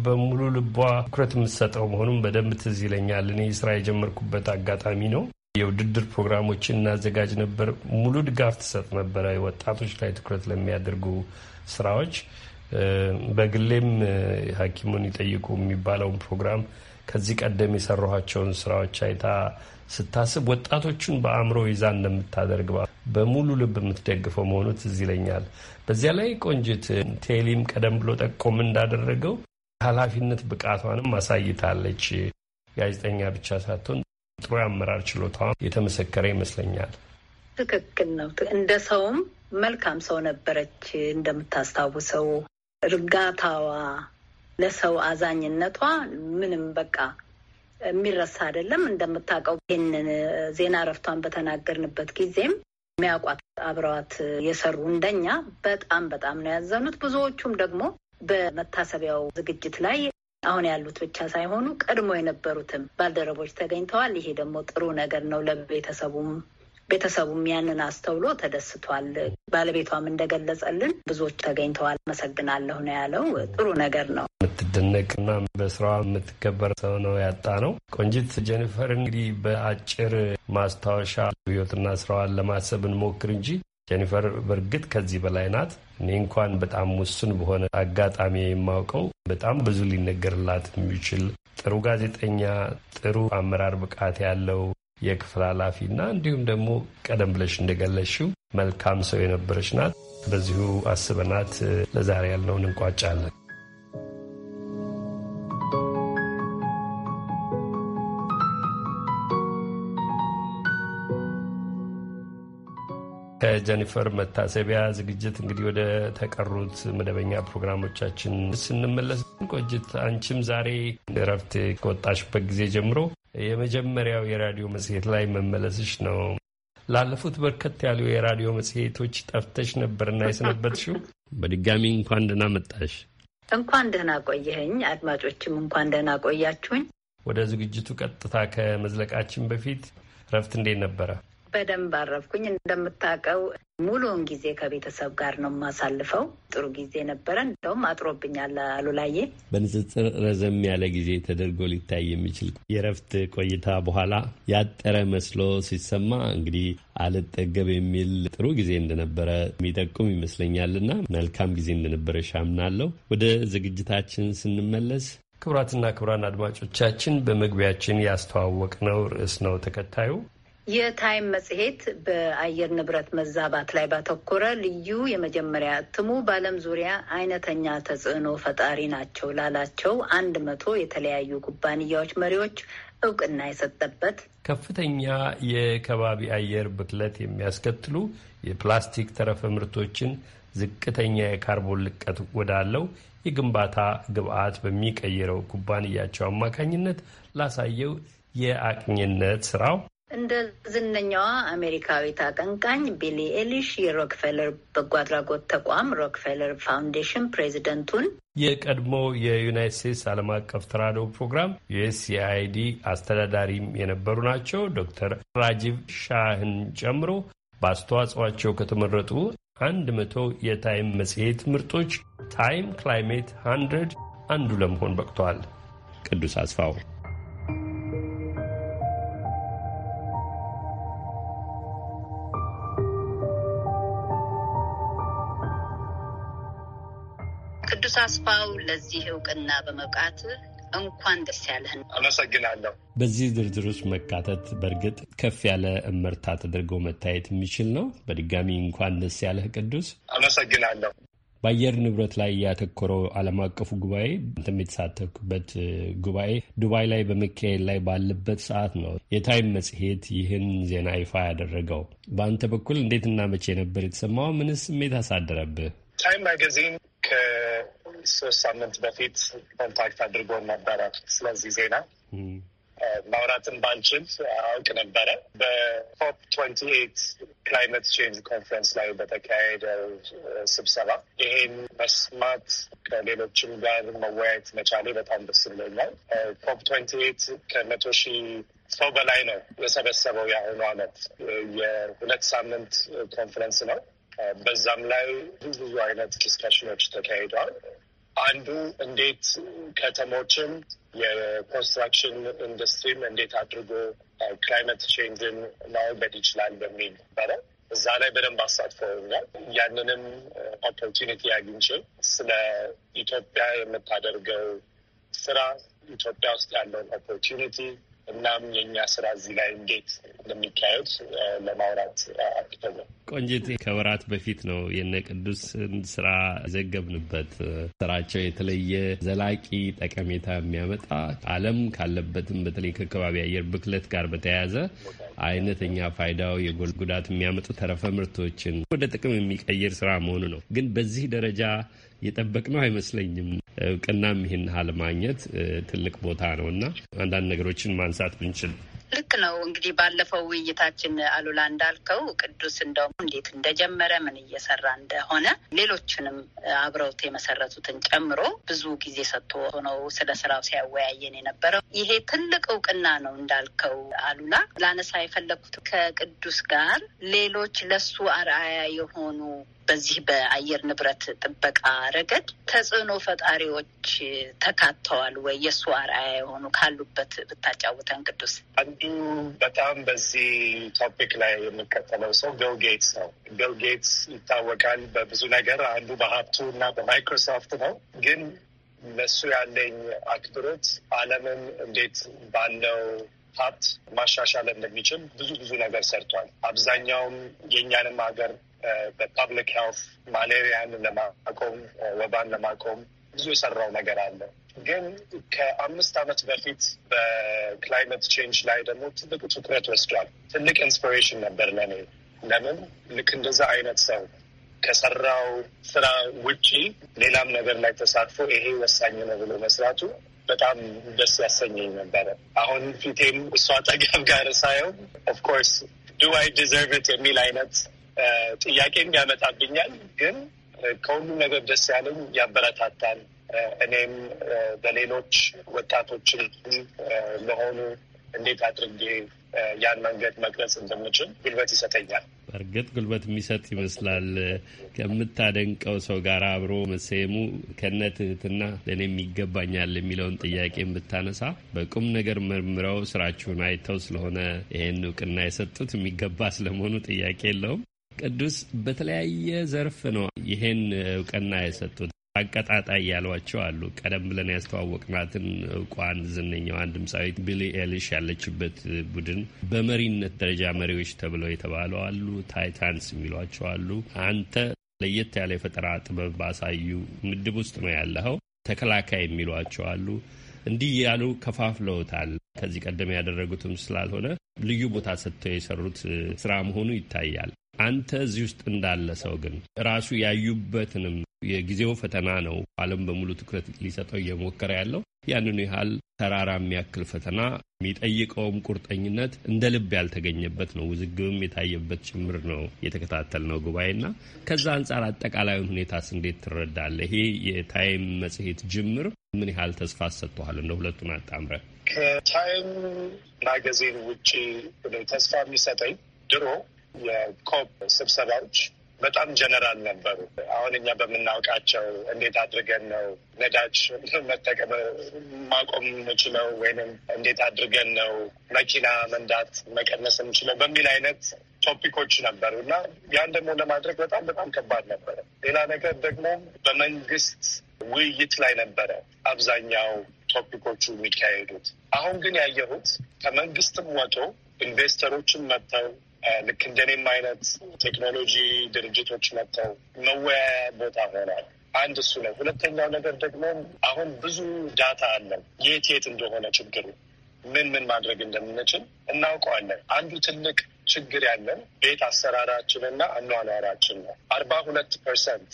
በሙሉ ልቧ ትኩረት የምትሰጠው መሆኑም በደንብ ትዝ ይለኛል። እኔ ስራ የጀመርኩበት አጋጣሚ ነው። የውድድር ፕሮግራሞችን እናዘጋጅ ነበር። ሙሉ ድጋፍ ትሰጥ ነበረ ወጣቶች ላይ ትኩረት ለሚያደርጉ ስራዎች። በግሌም ሐኪሙን ይጠይቁ የሚባለውን ፕሮግራም ከዚህ ቀደም የሰራኋቸውን ስራዎች አይታ ስታስብ ወጣቶቹን በአእምሮ ይዛ እንደምታደርግ በሙሉ ልብ የምትደግፈው መሆኑ ትዝ ይለኛል። በዚያ ላይ ቆንጅት ቴሊም ቀደም ብሎ ጠቆም እንዳደረገው ኃላፊነት ብቃቷንም አሳይታለች። ጋዜጠኛ ብቻ ሳትሆን ጥሩ የአመራር ችሎታ የተመሰከረ ይመስለኛል። ትክክል ነው። እንደ ሰውም መልካም ሰው ነበረች። እንደምታስታውሰው እርጋታዋ፣ ለሰው አዛኝነቷ ምንም በቃ የሚረሳ አይደለም። እንደምታውቀው ይህንን ዜና እረፍቷን በተናገርንበት ጊዜም የሚያውቋት አብረዋት የሰሩ እንደኛ በጣም በጣም ነው ያዘኑት። ብዙዎቹም ደግሞ በመታሰቢያው ዝግጅት ላይ አሁን ያሉት ብቻ ሳይሆኑ ቀድሞ የነበሩትም ባልደረቦች ተገኝተዋል። ይሄ ደግሞ ጥሩ ነገር ነው ለቤተሰቡም ቤተሰቡም ያንን አስተውሎ ተደስቷል። ባለቤቷም እንደገለጸልን ብዙዎች ተገኝተዋል መሰግናለሁ ነው ያለው። ጥሩ ነገር ነው። የምትደነቅና በስራዋ የምትከበር ሰው ነው ያጣ ነው። ቆንጂት ጀኒፈር፣ እንግዲህ በአጭር ማስታወሻ ህይወትና ስራዋን ለማሰብ እንሞክር እንጂ ጀኒፈር በእርግጥ ከዚህ በላይ ናት። እኔ እንኳን በጣም ውሱን በሆነ አጋጣሚ የማውቀው በጣም ብዙ ሊነገርላት የሚችል ጥሩ ጋዜጠኛ፣ ጥሩ አመራር ብቃት ያለው የክፍል ኃላፊ እና እንዲሁም ደግሞ ቀደም ብለሽ እንደገለሽው መልካም ሰው የነበረች ናት። በዚሁ አስበናት ለዛሬ ያልነውን እንቋጫለን። ከጀኒፈር መታሰቢያ ዝግጅት እንግዲህ ወደ ተቀሩት መደበኛ ፕሮግራሞቻችን ስንመለስ ቆጅት አንቺም ዛሬ እረፍት ከወጣሽበት ጊዜ ጀምሮ የመጀመሪያው የራዲዮ መጽሔት ላይ መመለስሽ ነው። ላለፉት በርከት ያሉ የራዲዮ መጽሔቶች ጠፍተሽ ነበርና የሰነበትሽው በድጋሚ እንኳን ደህና መጣሽ። እንኳን ደህና ቆየኸኝ። አድማጮችም እንኳን ደህና ቆያችሁኝ። ወደ ዝግጅቱ ቀጥታ ከመዝለቃችን በፊት እረፍት እንዴት ነበረ? በደንብ አረፍኩኝ። እንደምታውቀው ሙሉውን ጊዜ ከቤተሰብ ጋር ነው የማሳልፈው። ጥሩ ጊዜ ነበረ። እንደውም አጥሮብኛል አሉላዬ። በንጽጽር ረዘም ያለ ጊዜ ተደርጎ ሊታይ የሚችል የእረፍት ቆይታ በኋላ ያጠረ መስሎ ሲሰማ እንግዲህ አልጠገብ የሚል ጥሩ ጊዜ እንደነበረ የሚጠቁም ይመስለኛልና መልካም ጊዜ እንደነበረ ሻምናለሁ። ወደ ዝግጅታችን ስንመለስ ክቡራትና ክቡራን አድማጮቻችን በመግቢያችን ያስተዋወቅነው ርዕስ ነው ተከታዩ የታይም መጽሔት በአየር ንብረት መዛባት ላይ ባተኮረ ልዩ የመጀመሪያ እትሙ በዓለም ዙሪያ አይነተኛ ተጽዕኖ ፈጣሪ ናቸው ላላቸው አንድ መቶ የተለያዩ ኩባንያዎች መሪዎች እውቅና የሰጠበት ከፍተኛ የከባቢ አየር ብክለት የሚያስከትሉ የፕላስቲክ ተረፈ ምርቶችን ዝቅተኛ የካርቦን ልቀት ወዳለው የግንባታ ግብዓት በሚቀይረው ኩባንያቸው አማካኝነት ላሳየው የአቅኝነት ስራው እንደ ዝነኛዋ አሜሪካዊት አቀንቃኝ ቢሊ ኤሊሽ የሮክፌለር በጎ አድራጎት ተቋም ሮክፌለር ፋውንዴሽን ፕሬዚደንቱን የቀድሞ የዩናይት ስቴትስ ዓለም አቀፍ ተራዶ ፕሮግራም ዩኤስኤአይዲ አስተዳዳሪም የነበሩ ናቸው። ዶክተር ራጂቭ ሻህን ጨምሮ በአስተዋጽኦቸው ከተመረጡ አንድ መቶ የታይም መጽሔት ምርጦች ታይም ክላይሜት 100 አንዱ ለመሆን በቅቷል። ቅዱስ አስፋው ቅዱስ አስፋው ለዚህ እውቅና በመብቃት እንኳን ደስ ያለህን። አመሰግናለሁ። በዚህ ዝርዝር ውስጥ መካተት በእርግጥ ከፍ ያለ እመርታ ተደርጎ መታየት የሚችል ነው። በድጋሚ እንኳን ደስ ያለህ ቅዱስ። አመሰግናለሁ። በአየር ንብረት ላይ ያተኮረው ዓለም አቀፉ ጉባኤ አንተም የተሳተፍክበት ጉባኤ ዱባይ ላይ በመካሄድ ላይ ባለበት ሰዓት ነው የታይም መጽሔት ይህን ዜና ይፋ ያደረገው። በአንተ በኩል እንዴትና መቼ ነበር የተሰማው? ምንስ ስሜት አሳደረብህ? ታይም ማጋዚን ሶስት ሳምንት በፊት ኮንታክት አድርጎን ነበረ። ስለዚህ ዜና ማውራትን ባልችል አውቅ ነበረ። በኮፕ ትንቲ ኤት ክላይመት ቼንጅ ኮንፈረንስ ላይ በተካሄደው ስብሰባ ይሄን መስማት ከሌሎችም ጋር መወያየት መቻሌ በጣም ደስ ብሎኛል። ኮፕ ትንቲ ኤት ከመቶ ሺ ሰው በላይ ነው የሰበሰበው። የአሁኑ አመት የሁለት ሳምንት ኮንፈረንስ ነው። በዛም ላይ ብዙ አይነት ዲስካሽኖች ተካሂደዋል። አንዱ እንዴት ከተሞችም የኮንስትራክሽን ኢንዱስትሪም እንዴት አድርጎ ክላይመት ቼንጅን ማውገድ ይችላል በሚል ነበረ። እዛ ላይ በደንብ አሳትፈውኛል። ያንንም ኦፖርቹኒቲ አግኝቼ ስለ ኢትዮጵያ የምታደርገው ስራ ኢትዮጵያ ውስጥ ያለውን ኦፖርቹኒቲ እናም የእኛ ስራ እዚህ ላይ እንዴት እንደሚካሄድ ለማውራት አቅተዘ ቆንጅት ከወራት በፊት ነው የነ ቅዱስን ስራ ዘገብንበት። ስራቸው የተለየ ዘላቂ ጠቀሜታ የሚያመጣ ዓለም ካለበትም በተለይ ከአካባቢ አየር ብክለት ጋር በተያያዘ አይነተኛ ፋይዳው የጎል ጉዳት የሚያመጡ ተረፈ ምርቶችን ወደ ጥቅም የሚቀይር ስራ መሆኑ ነው። ግን በዚህ ደረጃ የጠበቅ ነው አይመስለኝም። እውቅናም ይህን ያህል ማግኘት ትልቅ ቦታ ነው እና አንዳንድ ነገሮችን ማንሳት ብንችል ልክ ነው እንግዲህ ባለፈው ውይይታችን አሉላ እንዳልከው ቅዱስ እንደውም እንዴት እንደጀመረ ምን እየሰራ እንደሆነ ሌሎችንም አብረውት የመሰረቱትን ጨምሮ ብዙ ጊዜ ሰጥቶ ሆነው ስለ ስራው ሲያወያየን የነበረው ይሄ ትልቅ እውቅና ነው እንዳልከው አሉላ። ላነሳ የፈለግኩት ከቅዱስ ጋር ሌሎች ለሱ አርአያ የሆኑ በዚህ በአየር ንብረት ጥበቃ ረገድ ተጽዕኖ ፈጣሪዎች ተካተዋል ወይ? የእሱ አርአያ የሆኑ ካሉበት ብታጫውተን ቅዱስ። አንዱ በጣም በዚህ ቶፒክ ላይ የምከተለው ሰው ቢል ጌትስ ነው። ቢል ጌትስ ይታወቃል በብዙ ነገር። አንዱ በሀብቱ እና በማይክሮሶፍት ነው። ግን ለሱ ያለኝ አክብሮት ዓለምን እንዴት ባለው ሀብት ማሻሻል እንደሚችል ብዙ ብዙ ነገር ሰርቷል። አብዛኛውም የእኛንም ሀገር በፓብሊክ ሄልት ማሌሪያን ለማቆም ወባን ለማቆም ብዙ የሰራው ነገር አለ። ግን ከአምስት ዓመት በፊት በክላይመት ቼንጅ ላይ ደግሞ ትልቅ ትኩረት ወስዷል። ትልቅ ኢንስፒሬሽን ነበር ለኔ። ለምን ልክ እንደዛ አይነት ሰው ከሰራው ስራ ውጪ ሌላም ነገር ላይ ተሳትፎ ይሄ ወሳኝ ነው ብሎ መስራቱ በጣም ደስ ያሰኘኝ ነበረ። አሁን ፊቴም እሷ አጠገብ ጋር ሳየው ኦፍኮርስ ዱ አይ ዲዘርቭ ኢት የሚል አይነት ጥያቄም ያመጣብኛል ግን ከሁሉም ነገር ደስ ያለኝ ያበረታታል። እኔም በሌሎች ወጣቶችን ለሆኑ እንዴት አድርጌ ያን መንገድ መቅረጽ እንደምችል ጉልበት ይሰጠኛል። በእርግጥ ጉልበት የሚሰጥ ይመስላል። ከምታደንቀው ሰው ጋር አብሮ መሰየሙ ከነ ትህትና ለእኔም ይገባኛል የሚለውን ጥያቄ የምታነሳ በቁም ነገር መርምረው ስራችሁን አይተው ስለሆነ ይህን እውቅና የሰጡት የሚገባ ስለመሆኑ ጥያቄ የለውም። ቅዱስ በተለያየ ዘርፍ ነው ይሄን እውቅና የሰጡት። አቀጣጣይ ያሏቸው አሉ። ቀደም ብለን ያስተዋወቅናትን እውቋን ዝነኛዋን ድምፃዊት ቢሊ ኤሊሽ ያለችበት ቡድን በመሪነት ደረጃ መሪዎች ተብለው የተባሉ አሉ። ታይታንስ የሚሏቸው አሉ። አንተ ለየት ያለ የፈጠራ ጥበብ ባሳዩ ምድብ ውስጥ ነው ያለኸው። ተከላካይ የሚሏቸው አሉ። እንዲህ ያሉ ከፋፍለውታል። ከዚህ ቀደም ያደረጉትም ስላልሆነ ልዩ ቦታ ሰጥተው የሰሩት ስራ መሆኑ ይታያል። አንተ እዚህ ውስጥ እንዳለ ሰው ግን ራሱ ያዩበትንም የጊዜው ፈተና ነው ዓለም በሙሉ ትኩረት ሊሰጠው እየሞከረ ያለው ያንኑ ያህል ተራራ የሚያክል ፈተና የሚጠይቀውም ቁርጠኝነት እንደ ልብ ያልተገኘበት ነው። ውዝግብም የታየበት ጭምር ነው ጉባኤ ጉባኤና ከዛ አንጻር አጠቃላዩን ሁኔታስ እንዴት ትረዳለህ? ይሄ የታይም መጽሔት ጅምር ምን ያህል ተስፋ ሰጥተኋል? እንደ ሁለቱን አጣምረ ከታይም ማገዜን ውጭ ተስፋ የሚሰጠኝ ድሮ የኮፕ ስብሰባዎች በጣም ጀነራል ነበሩ። አሁን እኛ በምናውቃቸው እንዴት አድርገን ነው ነዳጅ መጠቀም ማቆም የምችለው ወይንም እንዴት አድርገን ነው መኪና መንዳት መቀነስ የምችለው በሚል አይነት ቶፒኮች ነበሩ እና ያን ደግሞ ለማድረግ በጣም በጣም ከባድ ነበረ። ሌላ ነገር ደግሞ በመንግስት ውይይት ላይ ነበረ አብዛኛው ቶፒኮቹ የሚካሄዱት። አሁን ግን ያየሁት ከመንግስትም ወጥቶ ኢንቨስተሮችም መጥተው ልክ እንደኔም አይነት ቴክኖሎጂ ድርጅቶች መጥተው መወያያ ቦታ ሆኗል። አንድ እሱ ነው። ሁለተኛው ነገር ደግሞ አሁን ብዙ ዳታ አለን። የት የት እንደሆነ ችግሩ ምን ምን ማድረግ እንደምንችል እናውቀዋለን። አንዱ ትልቅ ችግር ያለን ቤት አሰራራችንና አኗኗራችን ነው። አርባ ሁለት ፐርሰንት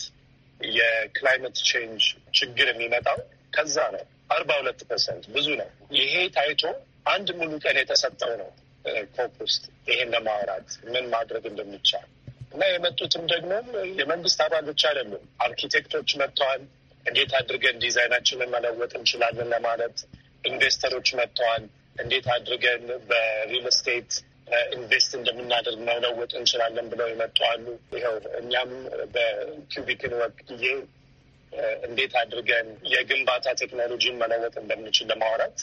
የክላይመት ቼንጅ ችግር የሚመጣው ከዛ ነው። አርባ ሁለት ፐርሰንት ብዙ ነው። ይሄ ታይቶ አንድ ሙሉ ቀን የተሰጠው ነው ኮፕ ውስጥ ይህን ለማውራት ምን ማድረግ እንደሚቻል እና የመጡትም ደግሞ የመንግስት አባል ብቻ አይደሉም። አርኪቴክቶች መጥተዋል። እንዴት አድርገን ዲዛይናችንን መለወጥ እንችላለን ለማለት ኢንቨስተሮች መጥተዋል። እንዴት አድርገን በሪል ስቴት ኢንቨስት እንደምናደርግ መለወጥ እንችላለን ብለው ይመጣሉ። ይኸው እኛም በኪውቢክን ወቅዬ እንዴት አድርገን የግንባታ ቴክኖሎጂን መለወጥ እንደምንችል ለማውራት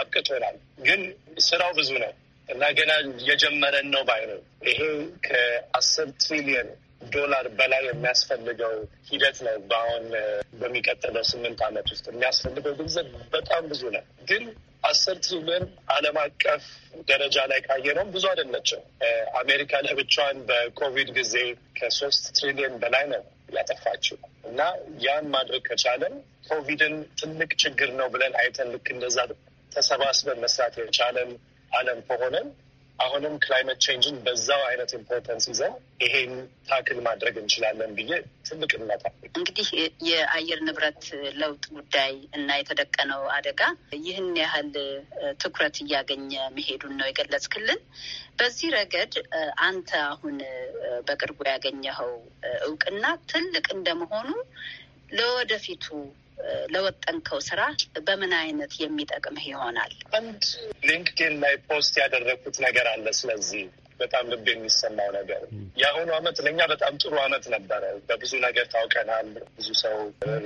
አብቅቶናል። ግን ስራው ብዙ ነው። እና ገና የጀመረን ነው ባይ ነው። ይሄ ከአስር ትሪሊየን ዶላር በላይ የሚያስፈልገው ሂደት ነው። በአሁን በሚቀጥለው ስምንት ዓመት ውስጥ የሚያስፈልገው ገንዘብ በጣም ብዙ ነው። ግን አስር ትሪሊየን ዓለም አቀፍ ደረጃ ላይ ካየነውም ብዙ አይደለችም። አሜሪካ ለብቻዋን በኮቪድ ጊዜ ከሶስት ትሪሊየን በላይ ነው ያጠፋችው እና ያን ማድረግ ከቻለን ኮቪድን ትልቅ ችግር ነው ብለን አይተን ልክ እንደዛ ተሰባስበን መስራት የቻለን ዓለም ከሆነን አሁንም ክላይመት ቼንጅን በዛው አይነት ኢምፖርተንስ ይዘን ይሄን ታክል ማድረግ እንችላለን ብዬ ትልቅ እምነት አለ። እንግዲህ የአየር ንብረት ለውጥ ጉዳይ እና የተደቀነው አደጋ ይህን ያህል ትኩረት እያገኘ መሄዱን ነው የገለጽክልን። በዚህ ረገድ አንተ አሁን በቅርቡ ያገኘኸው እውቅና ትልቅ እንደመሆኑ ለወደፊቱ ለወጠንከው ስራ በምን አይነት የሚጠቅምህ ይሆናል? አንድ ሊንክድን ላይ ፖስት ያደረግኩት ነገር አለ። ስለዚህ በጣም ልብ የሚሰማው ነገር የአሁኑ አመት ለእኛ በጣም ጥሩ አመት ነበረ። በብዙ ነገር ታውቀናል። ብዙ ሰው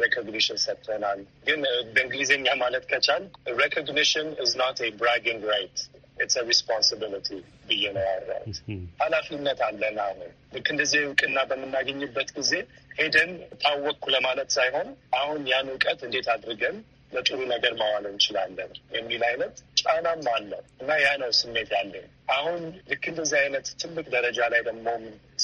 ሬኮግኒሽን ሰጥተናል። ግን በእንግሊዝኛ ማለት ከቻል ሬኮግኒሽን ኢዝ ናት ኤ ብራጊንግ ራይት ኢትስ ሪስፖንሲቢሊቲ ብዬ ነው ያወራሁት። ኃላፊነት አለን። አሁን ልክ እንደዚህ እውቅና በምናገኝበት ጊዜ ሄደን ታወቅኩ ለማለት ሳይሆን አሁን ያን እውቀት እንዴት አድርገን ለጥሩ ነገር ማዋል እንችላለን የሚል አይነት ጫናም አለ እና ያ ነው ስሜት ያለኝ። አሁን ልክ እንደዚህ አይነት ትልቅ ደረጃ ላይ ደግሞ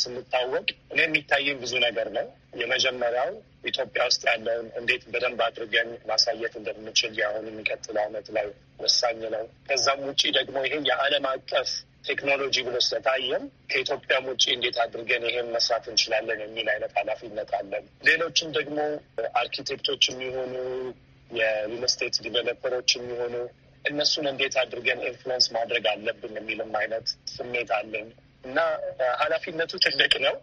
ስንታወቅ እኔ የሚታየኝ ብዙ ነገር ነው። የመጀመሪያው ኢትዮጵያ ውስጥ ያለውን እንዴት በደንብ አድርገን ማሳየት እንደምንችል የአሁን የሚቀጥለው ዓመት ላይ ወሳኝ ነው። ከዛም ውጭ ደግሞ ይሄ የዓለም አቀፍ ቴክኖሎጂ ብሎ ስለታየም ከኢትዮጵያም ውጭ እንዴት አድርገን ይህን መስራት እንችላለን የሚል አይነት ኃላፊነት አለን። ሌሎችም ደግሞ አርኪቴክቶች የሚሆኑ የሪል ስቴት ዲቨሎፐሮች የሚሆኑ እነሱን እንዴት አድርገን ኢንፍሉንስ ማድረግ አለብን የሚልም አይነት ስሜት አለኝ እና ኃላፊነቱ ትልቅ ነው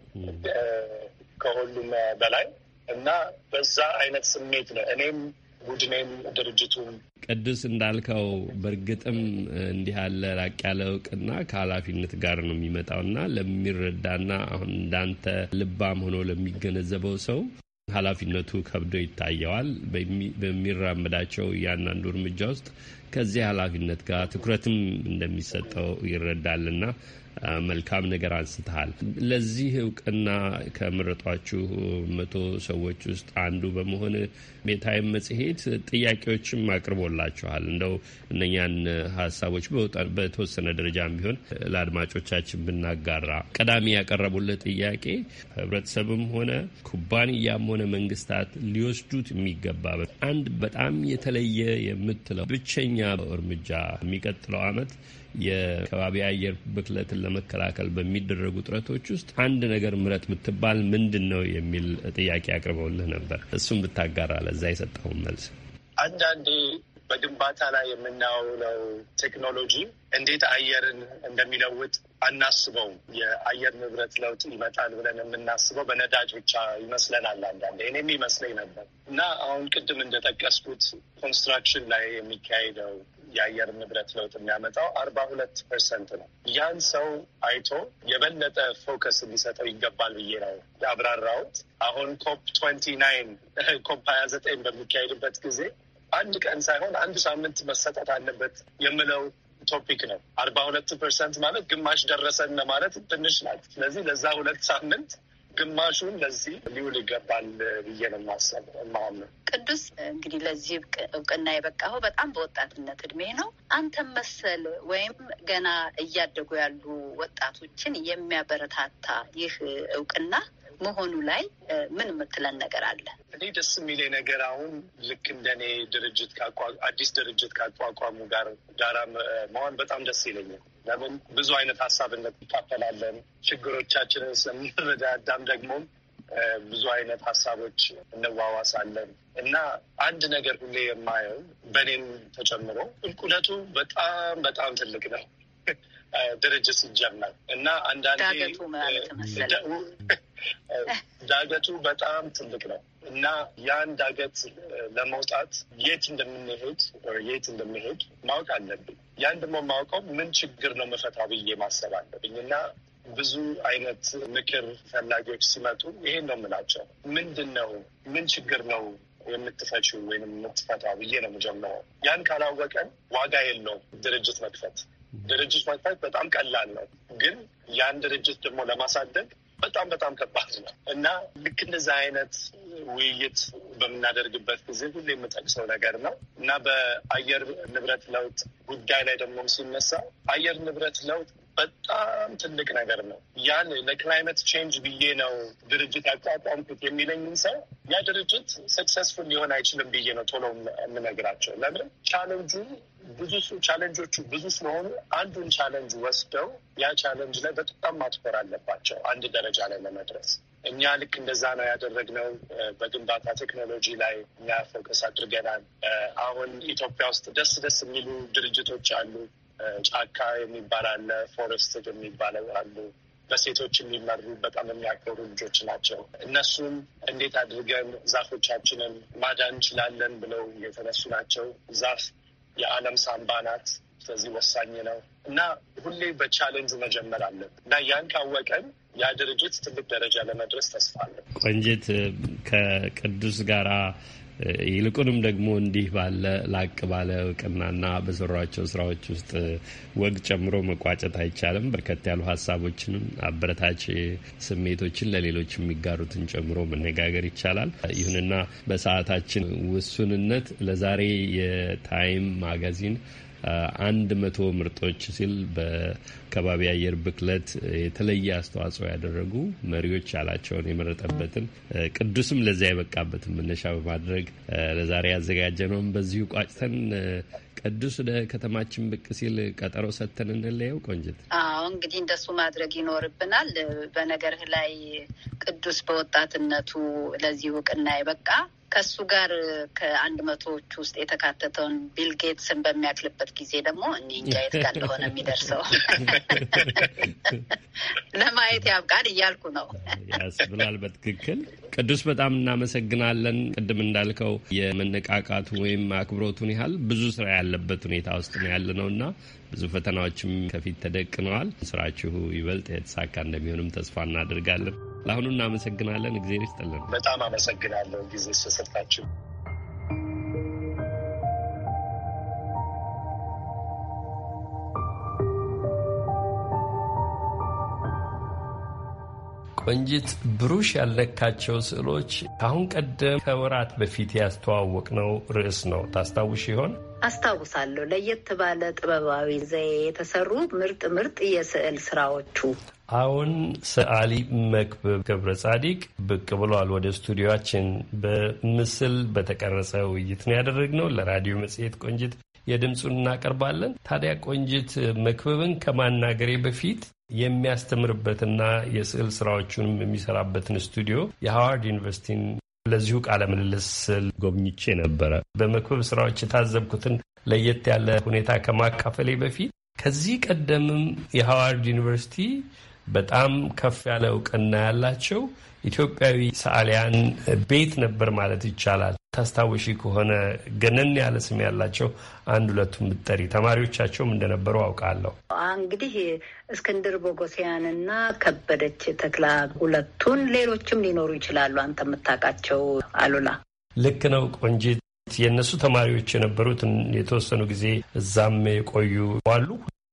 ከሁሉም በላይ እና በዛ አይነት ስሜት ነው እኔም ቡድኔም ድርጅቱም። ቅዱስ እንዳልከው በእርግጥም እንዲህ ያለ ራቅ ያለ እውቅና ከኃላፊነት ጋር ነው የሚመጣውና ለሚረዳና አሁን እንዳንተ ልባም ሆኖ ለሚገነዘበው ሰው ኃላፊነቱ ከብዶ ይታየዋል። በሚራመዳቸው እያንዳንዱ እርምጃ ውስጥ ከዚህ ኃላፊነት ጋር ትኩረትም እንደሚሰጠው ይረዳልና መልካም ነገር አንስተሃል። ለዚህ እውቅና ከመረጧችሁ መቶ ሰዎች ውስጥ አንዱ በመሆን ቤታይም መጽሔት ጥያቄዎችም አቅርቦላችኋል። እንደው እነኛን ሀሳቦች በተወሰነ ደረጃም ቢሆን ለአድማጮቻችን ብናጋራ፣ ቀዳሚ ያቀረቡለት ጥያቄ ህብረተሰብም ሆነ ኩባንያም ሆነ መንግስታት ሊወስዱት የሚገባ አንድ በጣም የተለየ የምትለው ብቸኛ እርምጃ የሚቀጥለው አመት የከባቢ አየር ብክለትን ለመከላከል በሚደረጉ ጥረቶች ውስጥ አንድ ነገር ምረጥ ብትባል ምንድን ነው የሚል ጥያቄ አቅርበውልህ ነበር። እሱም ብታጋራ ለዛ የሰጠውን መልስ። አንዳንዴ በግንባታ ላይ የምናውለው ቴክኖሎጂ እንዴት አየርን እንደሚለውጥ አናስበው የአየር ንብረት ለውጥ ይመጣል ብለን የምናስበው በነዳጅ ብቻ ይመስለናል። አንዳንዴ እኔም ይመስለኝ ነበር እና አሁን ቅድም እንደጠቀስኩት ኮንስትራክሽን ላይ የሚካሄደው የአየር ንብረት ለውጥ የሚያመጣው አርባ ሁለት ፐርሰንት ነው። ያን ሰው አይቶ የበለጠ ፎከስ እንዲሰጠው ይገባል ብዬ ነው ያብራራሁት። አሁን ኮፕ ትዌንቲ ናይን ኮፕ ሀያ ዘጠኝ በሚካሄድበት ጊዜ አንድ ቀን ሳይሆን አንድ ሳምንት መሰጠት አለበት የምለው ቶፒክ ነው። አርባ ሁለት ፐርሰንት ማለት ግማሽ ደረሰን ማለት ትንሽ ናት። ስለዚህ ለዛ ሁለት ሳምንት ግማሹን ለዚህ ሊውል ይገባል ብዬ ነው ማሰብ ማምን ቅዱስ እንግዲህ ለዚህ እውቅና የበቃኸው በጣም በወጣትነት እድሜ ነው። አንተም መሰል ወይም ገና እያደጉ ያሉ ወጣቶችን የሚያበረታታ ይህ እውቅና መሆኑ ላይ ምን የምትለን ነገር አለ? እኔ ደስ የሚለኝ ነገር አሁን ልክ እንደኔ ድርጅት አዲስ ድርጅት ካቋቋሙ ጋር ጋራ መሆን በጣም ደስ ይለኛል። ለምን ብዙ አይነት ሀሳብነት እንካፈላለን፣ ችግሮቻችንን ስለምንረዳዳም ደግሞ ብዙ አይነት ሀሳቦች እንዋዋሳለን እና አንድ ነገር ሁሌ የማየው በእኔም ተጨምሮ ቁልቁለቱ በጣም በጣም ትልቅ ነው ድርጅት ሲጀመር እና አንዳንዴ ዳገቱ በጣም ትልቅ ነው እና ያን ዳገት ለመውጣት የት እንደምንሄድ የት እንደምንሄድ ማወቅ አለብኝ። ያን ደግሞ ማውቀው ምን ችግር ነው መፈታ ብዬ ማሰብ አለብኝ እና ብዙ አይነት ምክር ፈላጊዎች ሲመጡ ይሄን ነው የምላቸው። ምንድን ነው ምን ችግር ነው የምትፈችው ወይም የምትፈታው ብዬ ነው የምጀምረው። ያን ካላወቀን ዋጋ የለው ድርጅት መክፈት። ድርጅት መክፈት በጣም ቀላል ነው፣ ግን ያን ድርጅት ደግሞ ለማሳደግ በጣም በጣም ከባድ ነው እና ልክ እንደዛ አይነት ውይይት በምናደርግበት ጊዜ ሁ የምጠቅሰው ነገር ነው እና በአየር ንብረት ለውጥ ጉዳይ ላይ ደግሞ ሲነሳ አየር ንብረት ለውጥ በጣም ትልቅ ነገር ነው። ያን ለክላይመት ቼንጅ ብዬ ነው ድርጅት ያቋቋምኩት የሚለኝን ሰው ያ ድርጅት ሰክሰስፉል ሊሆን አይችልም ብዬ ነው ቶሎ የምነግራቸው። ለምን ቻለንጁ ብዙ ቻለንጆቹ ብዙ ስለሆኑ አንዱን ቻለንጅ ወስደው ያ ቻለንጅ ላይ በጣም ማትኮር አለባቸው አንድ ደረጃ ላይ ለመድረስ። እኛ ልክ እንደዛ ነው ያደረግነው። በግንባታ ቴክኖሎጂ ላይ እኛ ፎከስ አድርገናል። አሁን ኢትዮጵያ ውስጥ ደስ ደስ የሚሉ ድርጅቶች አሉ። ጫካ የሚባል አለ፣ ፎረስት የሚባል አሉ። በሴቶች የሚመሩ በጣም የሚያኮሩ ልጆች ናቸው። እነሱም እንዴት አድርገን ዛፎቻችንን ማዳን እንችላለን ብለው የተነሱ ናቸው። ዛፍ የዓለም ሳንባ ናት። ስለዚህ ወሳኝ ነው እና ሁሌ በቻሌንጁ መጀመር አለን እና ያን ካወቀን ያ ድርጅት ትልቅ ደረጃ ለመድረስ ተስፋ አለን። ቆንጅት ከቅዱስ ጋራ ይልቁንም ደግሞ እንዲህ ባለ ላቅ ባለ እውቅናና በሰሯቸው ስራዎች ውስጥ ወግ ጨምሮ መቋጨት አይቻልም። በርከት ያሉ ሀሳቦችንም አበረታች ስሜቶችን ለሌሎች የሚጋሩትን ጨምሮ መነጋገር ይቻላል። ይሁንና በሰዓታችን ውሱንነት ለዛሬ የታይም ማጋዚን አንድ መቶ ምርጦች ሲል በከባቢ አየር ብክለት የተለየ አስተዋጽኦ ያደረጉ መሪዎች ያላቸውን የመረጠበትን ቅዱስም ለዚያ የበቃበትን መነሻ በማድረግ ለዛሬ ያዘጋጀነውን በዚሁ ቋጭተን ቅዱስ ወደ ከተማችን ብቅ ሲል ቀጠሮ ሰጥተን እንለየው። ቆንጅት፣ አዎ እንግዲህ እንደሱ ማድረግ ይኖርብናል። በነገርህ ላይ ቅዱስ በወጣትነቱ ለዚህ እውቅና የበቃ ከሱ ጋር ከአንድ መቶዎች ውስጥ የተካተተውን ቢል ጌትስን በሚያክልበት ጊዜ ደግሞ እኔ እንጃ የት ጋር እንደሆነ የሚደርሰው ለማየት ያብቃል እያልኩ ነው ያስብላል። በትክክል ቅዱስ፣ በጣም እናመሰግናለን። ቅድም እንዳልከው የመነቃቃቱ ወይም አክብሮቱን ያህል ብዙ ስራ ያለበት ሁኔታ ውስጥ ነው ያለ ነው እና ብዙ ፈተናዎችም ከፊት ተደቅነዋል። ስራችሁ ይበልጥ የተሳካ እንደሚሆንም ተስፋ እናደርጋለን። ለአሁኑ እናመሰግናለን። እግዜር ይስጥልን። በጣም አመሰግናለሁ ጊዜ ስለሰጣችሁ። ቆንጂት ብሩሽ ያልለካቸው ስዕሎች ከአሁን ቀደም ከወራት በፊት ያስተዋወቅነው ርዕስ ነው። ታስታውሽ ይሆን? አስታውሳለሁ። ለየት ባለ ጥበባዊ ዘዬ የተሰሩ ምርጥ ምርጥ የስዕል ስራዎቹ። አሁን ሰዓሊ መክብብ ገብረ ጻዲቅ ብቅ ብሏል ወደ ስቱዲዮችን። በምስል በተቀረጸ ውይይት ነው ያደረግነው ለራዲዮ መጽሔት ቆንጂት የድምፁን እናቀርባለን። ታዲያ ቆንጂት መክብብን ከማናገሬ በፊት የሚያስተምርበትና የስዕል ስራዎቹንም የሚሰራበትን ስቱዲዮ የሃዋርድ ዩኒቨርሲቲን ለዚሁ ቃለ ምልልስ ጎብኝቼ ነበረ። በመክበብ ስራዎች የታዘብኩትን ለየት ያለ ሁኔታ ከማካፈሌ በፊት ከዚህ ቀደምም የሃዋርድ ዩኒቨርሲቲ በጣም ከፍ ያለ እውቅና ያላቸው ኢትዮጵያዊ ሰዓሊያን ቤት ነበር ማለት ይቻላል። ታስታወሺ ከሆነ ገነን ያለ ስም ያላቸው አንድ ሁለቱም ብትጠሪ ተማሪዎቻቸውም እንደነበሩ አውቃለሁ። እንግዲህ እስክንድር ቦጎሲያን እና ከበደች ተክላ ሁለቱን፣ ሌሎችም ሊኖሩ ይችላሉ አንተ የምታውቃቸው አሉላ። ልክ ነው ቆንጂት። የእነሱ ተማሪዎች የነበሩት የተወሰኑ ጊዜ እዛም የቆዩ አሉ።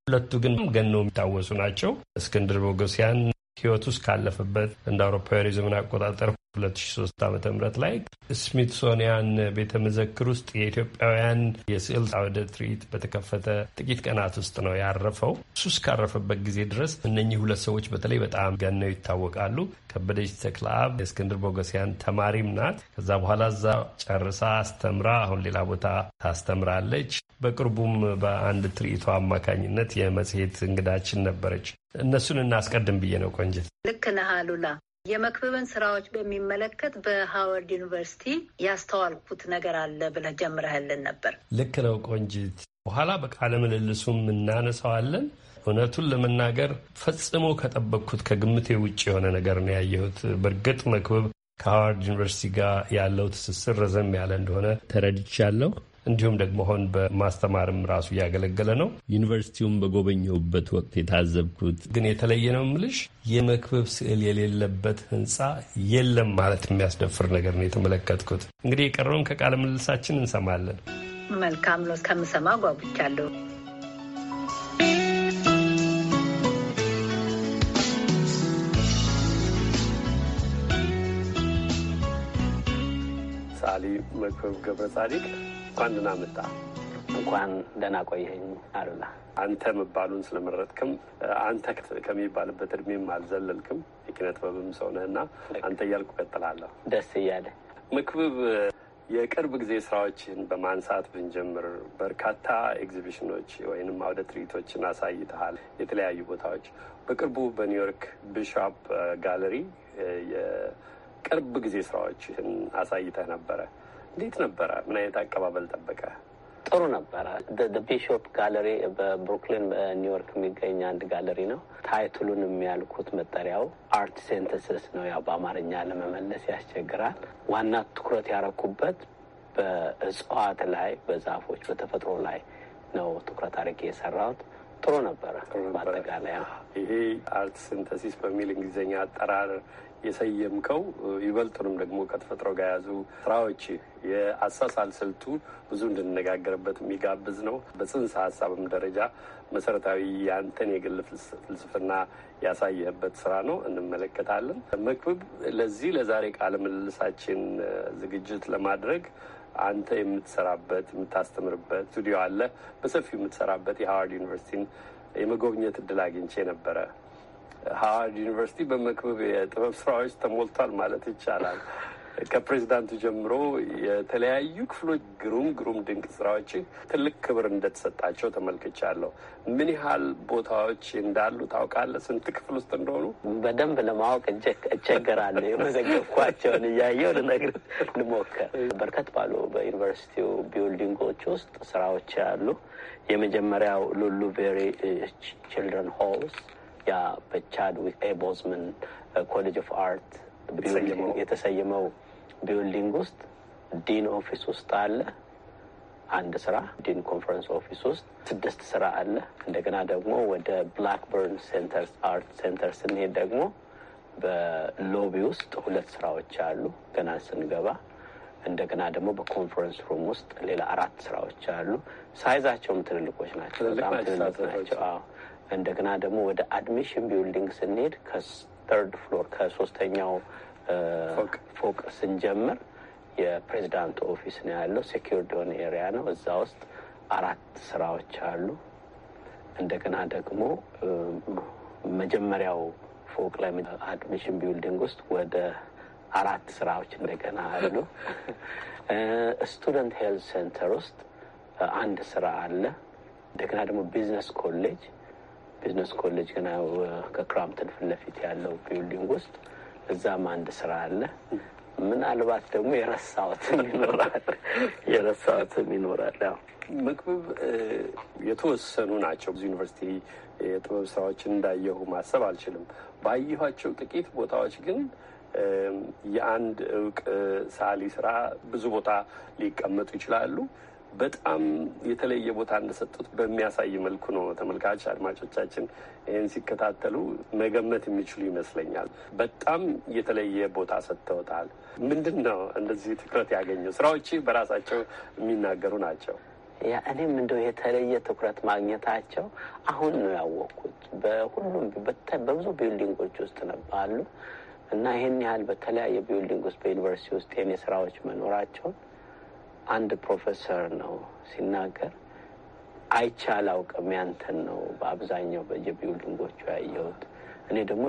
ሁለቱ ግን ገኖ የሚታወሱ ናቸው። እስክንድር ቦጎሲያን ህይወቱ ውስጥ ካለፈበት እንደ አውሮፓውያን የዘመን አቆጣጠር 2003 ዓ ም ላይ ስሚትሶኒያን ቤተ መዘክር ውስጥ የኢትዮጵያውያን የስዕል አውደ ትርኢት በተከፈተ ጥቂት ቀናት ውስጥ ነው ያረፈው። እሱ እስካረፈበት ጊዜ ድረስ እነኚህ ሁለት ሰዎች በተለይ በጣም ገነው ይታወቃሉ። ከበደች ተክለአብ የእስክንድር ቦገሲያን ተማሪም ናት። ከዛ በኋላ እዛ ጨርሳ አስተምራ አሁን ሌላ ቦታ ታስተምራለች። በቅርቡም በአንድ ትርኢቷ አማካኝነት የመጽሔት እንግዳችን ነበረች። እነሱን እናስቀድም ብዬ ነው ቆንጅት። ልክ ነህ አሉላ። የመክብብን ስራዎች በሚመለከት በሃዋርድ ዩኒቨርሲቲ ያስተዋልኩት ነገር አለ ብለህ ጀምረህልን ነበር። ልክ ነው ቆንጂት፣ በኋላ በቃለ ምልልሱም እናነሳዋለን። እውነቱን ለመናገር ፈጽሞ ከጠበቅኩት ከግምቴ ውጭ የሆነ ነገር ነው ያየሁት። በእርግጥ መክብብ ከሃዋርድ ዩኒቨርሲቲ ጋር ያለው ትስስር ረዘም ያለ እንደሆነ ተረድቻለሁ። እንዲሁም ደግሞ አሁን በማስተማርም ራሱ እያገለገለ ነው። ዩኒቨርሲቲውን በጎበኘሁበት ወቅት የታዘብኩት ግን የተለየ ነው ምልሽ የመክበብ ስዕል የሌለበት ህንፃ የለም ማለት የሚያስደፍር ነገር ነው የተመለከትኩት። እንግዲህ የቀረውን ከቃለ ምልልሳችን እንሰማለን። መልካም ነው። እስከምሰማ ጓጉቻለሁ። ሳሊ መክበብ ገብረ ጻዲቅ እንኳን ደህና መጣ። እንኳን ደህና ቆየኝ አሉላ። አንተ መባሉን ስለመረጥክም አንተ ከሚባልበት እድሜም አልዘለልክም። የኪነ ጥበብም ሰው ነህና አንተ እያልኩ ቀጥላለሁ። ደስ እያለ መክብብ የቅርብ ጊዜ ስራዎችን በማንሳት ብንጀምር በርካታ ኤግዚቢሽኖች ወይም አውደ ትርኢቶችን አሳይተሃል የተለያዩ ቦታዎች። በቅርቡ በኒውዮርክ ቢሾፕ ጋለሪ የቅርብ ጊዜ ስራዎችህን አሳይተህ ነበረ። እንዴት ነበረ? ምን አይነት አቀባበል ጠበቀ? ጥሩ ነበረ። ቢሾፕ ጋለሪ uh, በብሩክሊን በኒውዮርክ uh, የሚገኝ አንድ ጋለሪ ነው። ታይትሉን የሚያልኩት መጠሪያው አርት ሴንተሲስ ነው። ያው በአማርኛ ለመመለስ ያስቸግራል። ዋና ትኩረት ያረኩበት በእጽዋት ላይ፣ በዛፎች፣ በተፈጥሮ ላይ ነው ትኩረት አድርጌ የሰራሁት። ጥሩ ነበረ። በአጠቃላይ ይሄ አርት ሲንተሲስ በሚል እንግሊዝኛ አጠራር የሰየምከው ይበልጥንም ደግሞ ከተፈጥሮ ጋር የያዙ ስራዎች የአሳሳል ስልቱ ብዙ እንድንነጋገርበት የሚጋብዝ ነው። በጽንሰ ሀሳብም ደረጃ መሰረታዊ ያንተን የግል ፍልስፍና ያሳየህበት ስራ ነው፣ እንመለከታለን። መክብብ፣ ለዚህ ለዛሬ ቃለ ምልልሳችን ዝግጅት ለማድረግ አንተ የምትሰራበት የምታስተምርበት ስቱዲዮ አለ። በሰፊው የምትሰራበት የሀዋርድ ዩኒቨርሲቲን የመጎብኘት እድል አግኝቼ ነበረ። ሃዋርድ ዩኒቨርሲቲ በመክብብ የጥበብ ስራዎች ተሞልቷል ማለት ይቻላል። ከፕሬዚዳንቱ ጀምሮ የተለያዩ ክፍሎች ግሩም ግሩም ድንቅ ስራዎች ትልቅ ክብር እንደተሰጣቸው ተመልክቻለሁ። ምን ያህል ቦታዎች እንዳሉ ታውቃለህ? ስንት ክፍል ውስጥ እንደሆኑ? በደንብ ለማወቅ እቸገራለሁ። የመዘገብኳቸውን እያየሁ ልነግርህ ልሞክር። በርከት ባሉ በዩኒቨርሲቲው ቢልዲንጎች ውስጥ ስራዎች አሉ። የመጀመሪያው ሉሉ ቤሪ ችልድረን ሆውስ ያ በቻድዊክ ኤ ኮሌጅ ኦፍ አርት የተሰየመው ቢውልዲንግ ውስጥ ዲን ኦፊስ ውስጥ አለ አንድ ስራ ዲን ኮንፈረንስ ኦፊስ ውስጥ ስድስት ስራ አለ። እንደገና ደግሞ ወደ ብላክበርን ሴንተር አርት ሴንተር ስንሄድ ደግሞ በሎቢ ውስጥ ሁለት ስራዎች አሉ ገና ስንገባ። እንደገና ደግሞ በኮንፈረንስ ሩም ውስጥ ሌላ አራት ስራዎች አሉ። ሳይዛቸውም ትልልቆች ናቸው፣ በጣም ትልልቅ ናቸው። እንደገና ደግሞ ወደ አድሚሽን ቢልዲንግ ስንሄድ ከተርድ ፍሎር ከሶስተኛው ፎቅ ስንጀምር የፕሬዚዳንቱ ኦፊስ ነው ያለው። ሴኪርድ የሆነ ኤሪያ ነው። እዛ ውስጥ አራት ስራዎች አሉ። እንደገና ደግሞ መጀመሪያው ፎቅ ላይ አድሚሽን ቢውልዲንግ ውስጥ ወደ አራት ስራዎች እንደገና አሉ። ስቱደንት ሄልት ሴንተር ውስጥ አንድ ስራ አለ። እንደገና ደግሞ ቢዝነስ ኮሌጅ ቢዝነስ ኮሌጅ ገና ከክራምትን ፊት ለፊት ያለው ቢልዲንግ ውስጥ እዛም አንድ ስራ አለ። ምናልባት ደግሞ የረሳሁትም ይኖራል የረሳሁትም ይኖራል። መክብብ የተወሰኑ ናቸው። ብዙ ዩኒቨርሲቲ የጥበብ ስራዎችን እንዳየሁ ማሰብ አልችልም። ባየኋቸው ጥቂት ቦታዎች ግን የአንድ እውቅ ሳሊ ስራ ብዙ ቦታ ሊቀመጡ ይችላሉ። በጣም የተለየ ቦታ እንደሰጡት በሚያሳይ መልኩ ነው ተመልካች አድማጮቻችን ይህን ሲከታተሉ መገመት የሚችሉ ይመስለኛል። በጣም የተለየ ቦታ ሰጥተውታል። ምንድን ነው እንደዚህ ትኩረት ያገኘው? ስራዎች በራሳቸው የሚናገሩ ናቸው። ያ እኔም እንደው የተለየ ትኩረት ማግኘታቸው አሁን ነው ያወቅኩት። በሁሉም በብዙ ቢልዲንጎች ውስጥ ነባሉ እና ይህን ያህል በተለያየ ቢልዲንግ ውስጥ በዩኒቨርሲቲ ውስጥ የኔ ስራዎች መኖራቸውን አንድ ፕሮፌሰር ነው ሲናገር አይቻል አውቅም ያንተን ነው በአብዛኛው በየቢውልዲንጎቹ ያየሁት። እኔ ደግሞ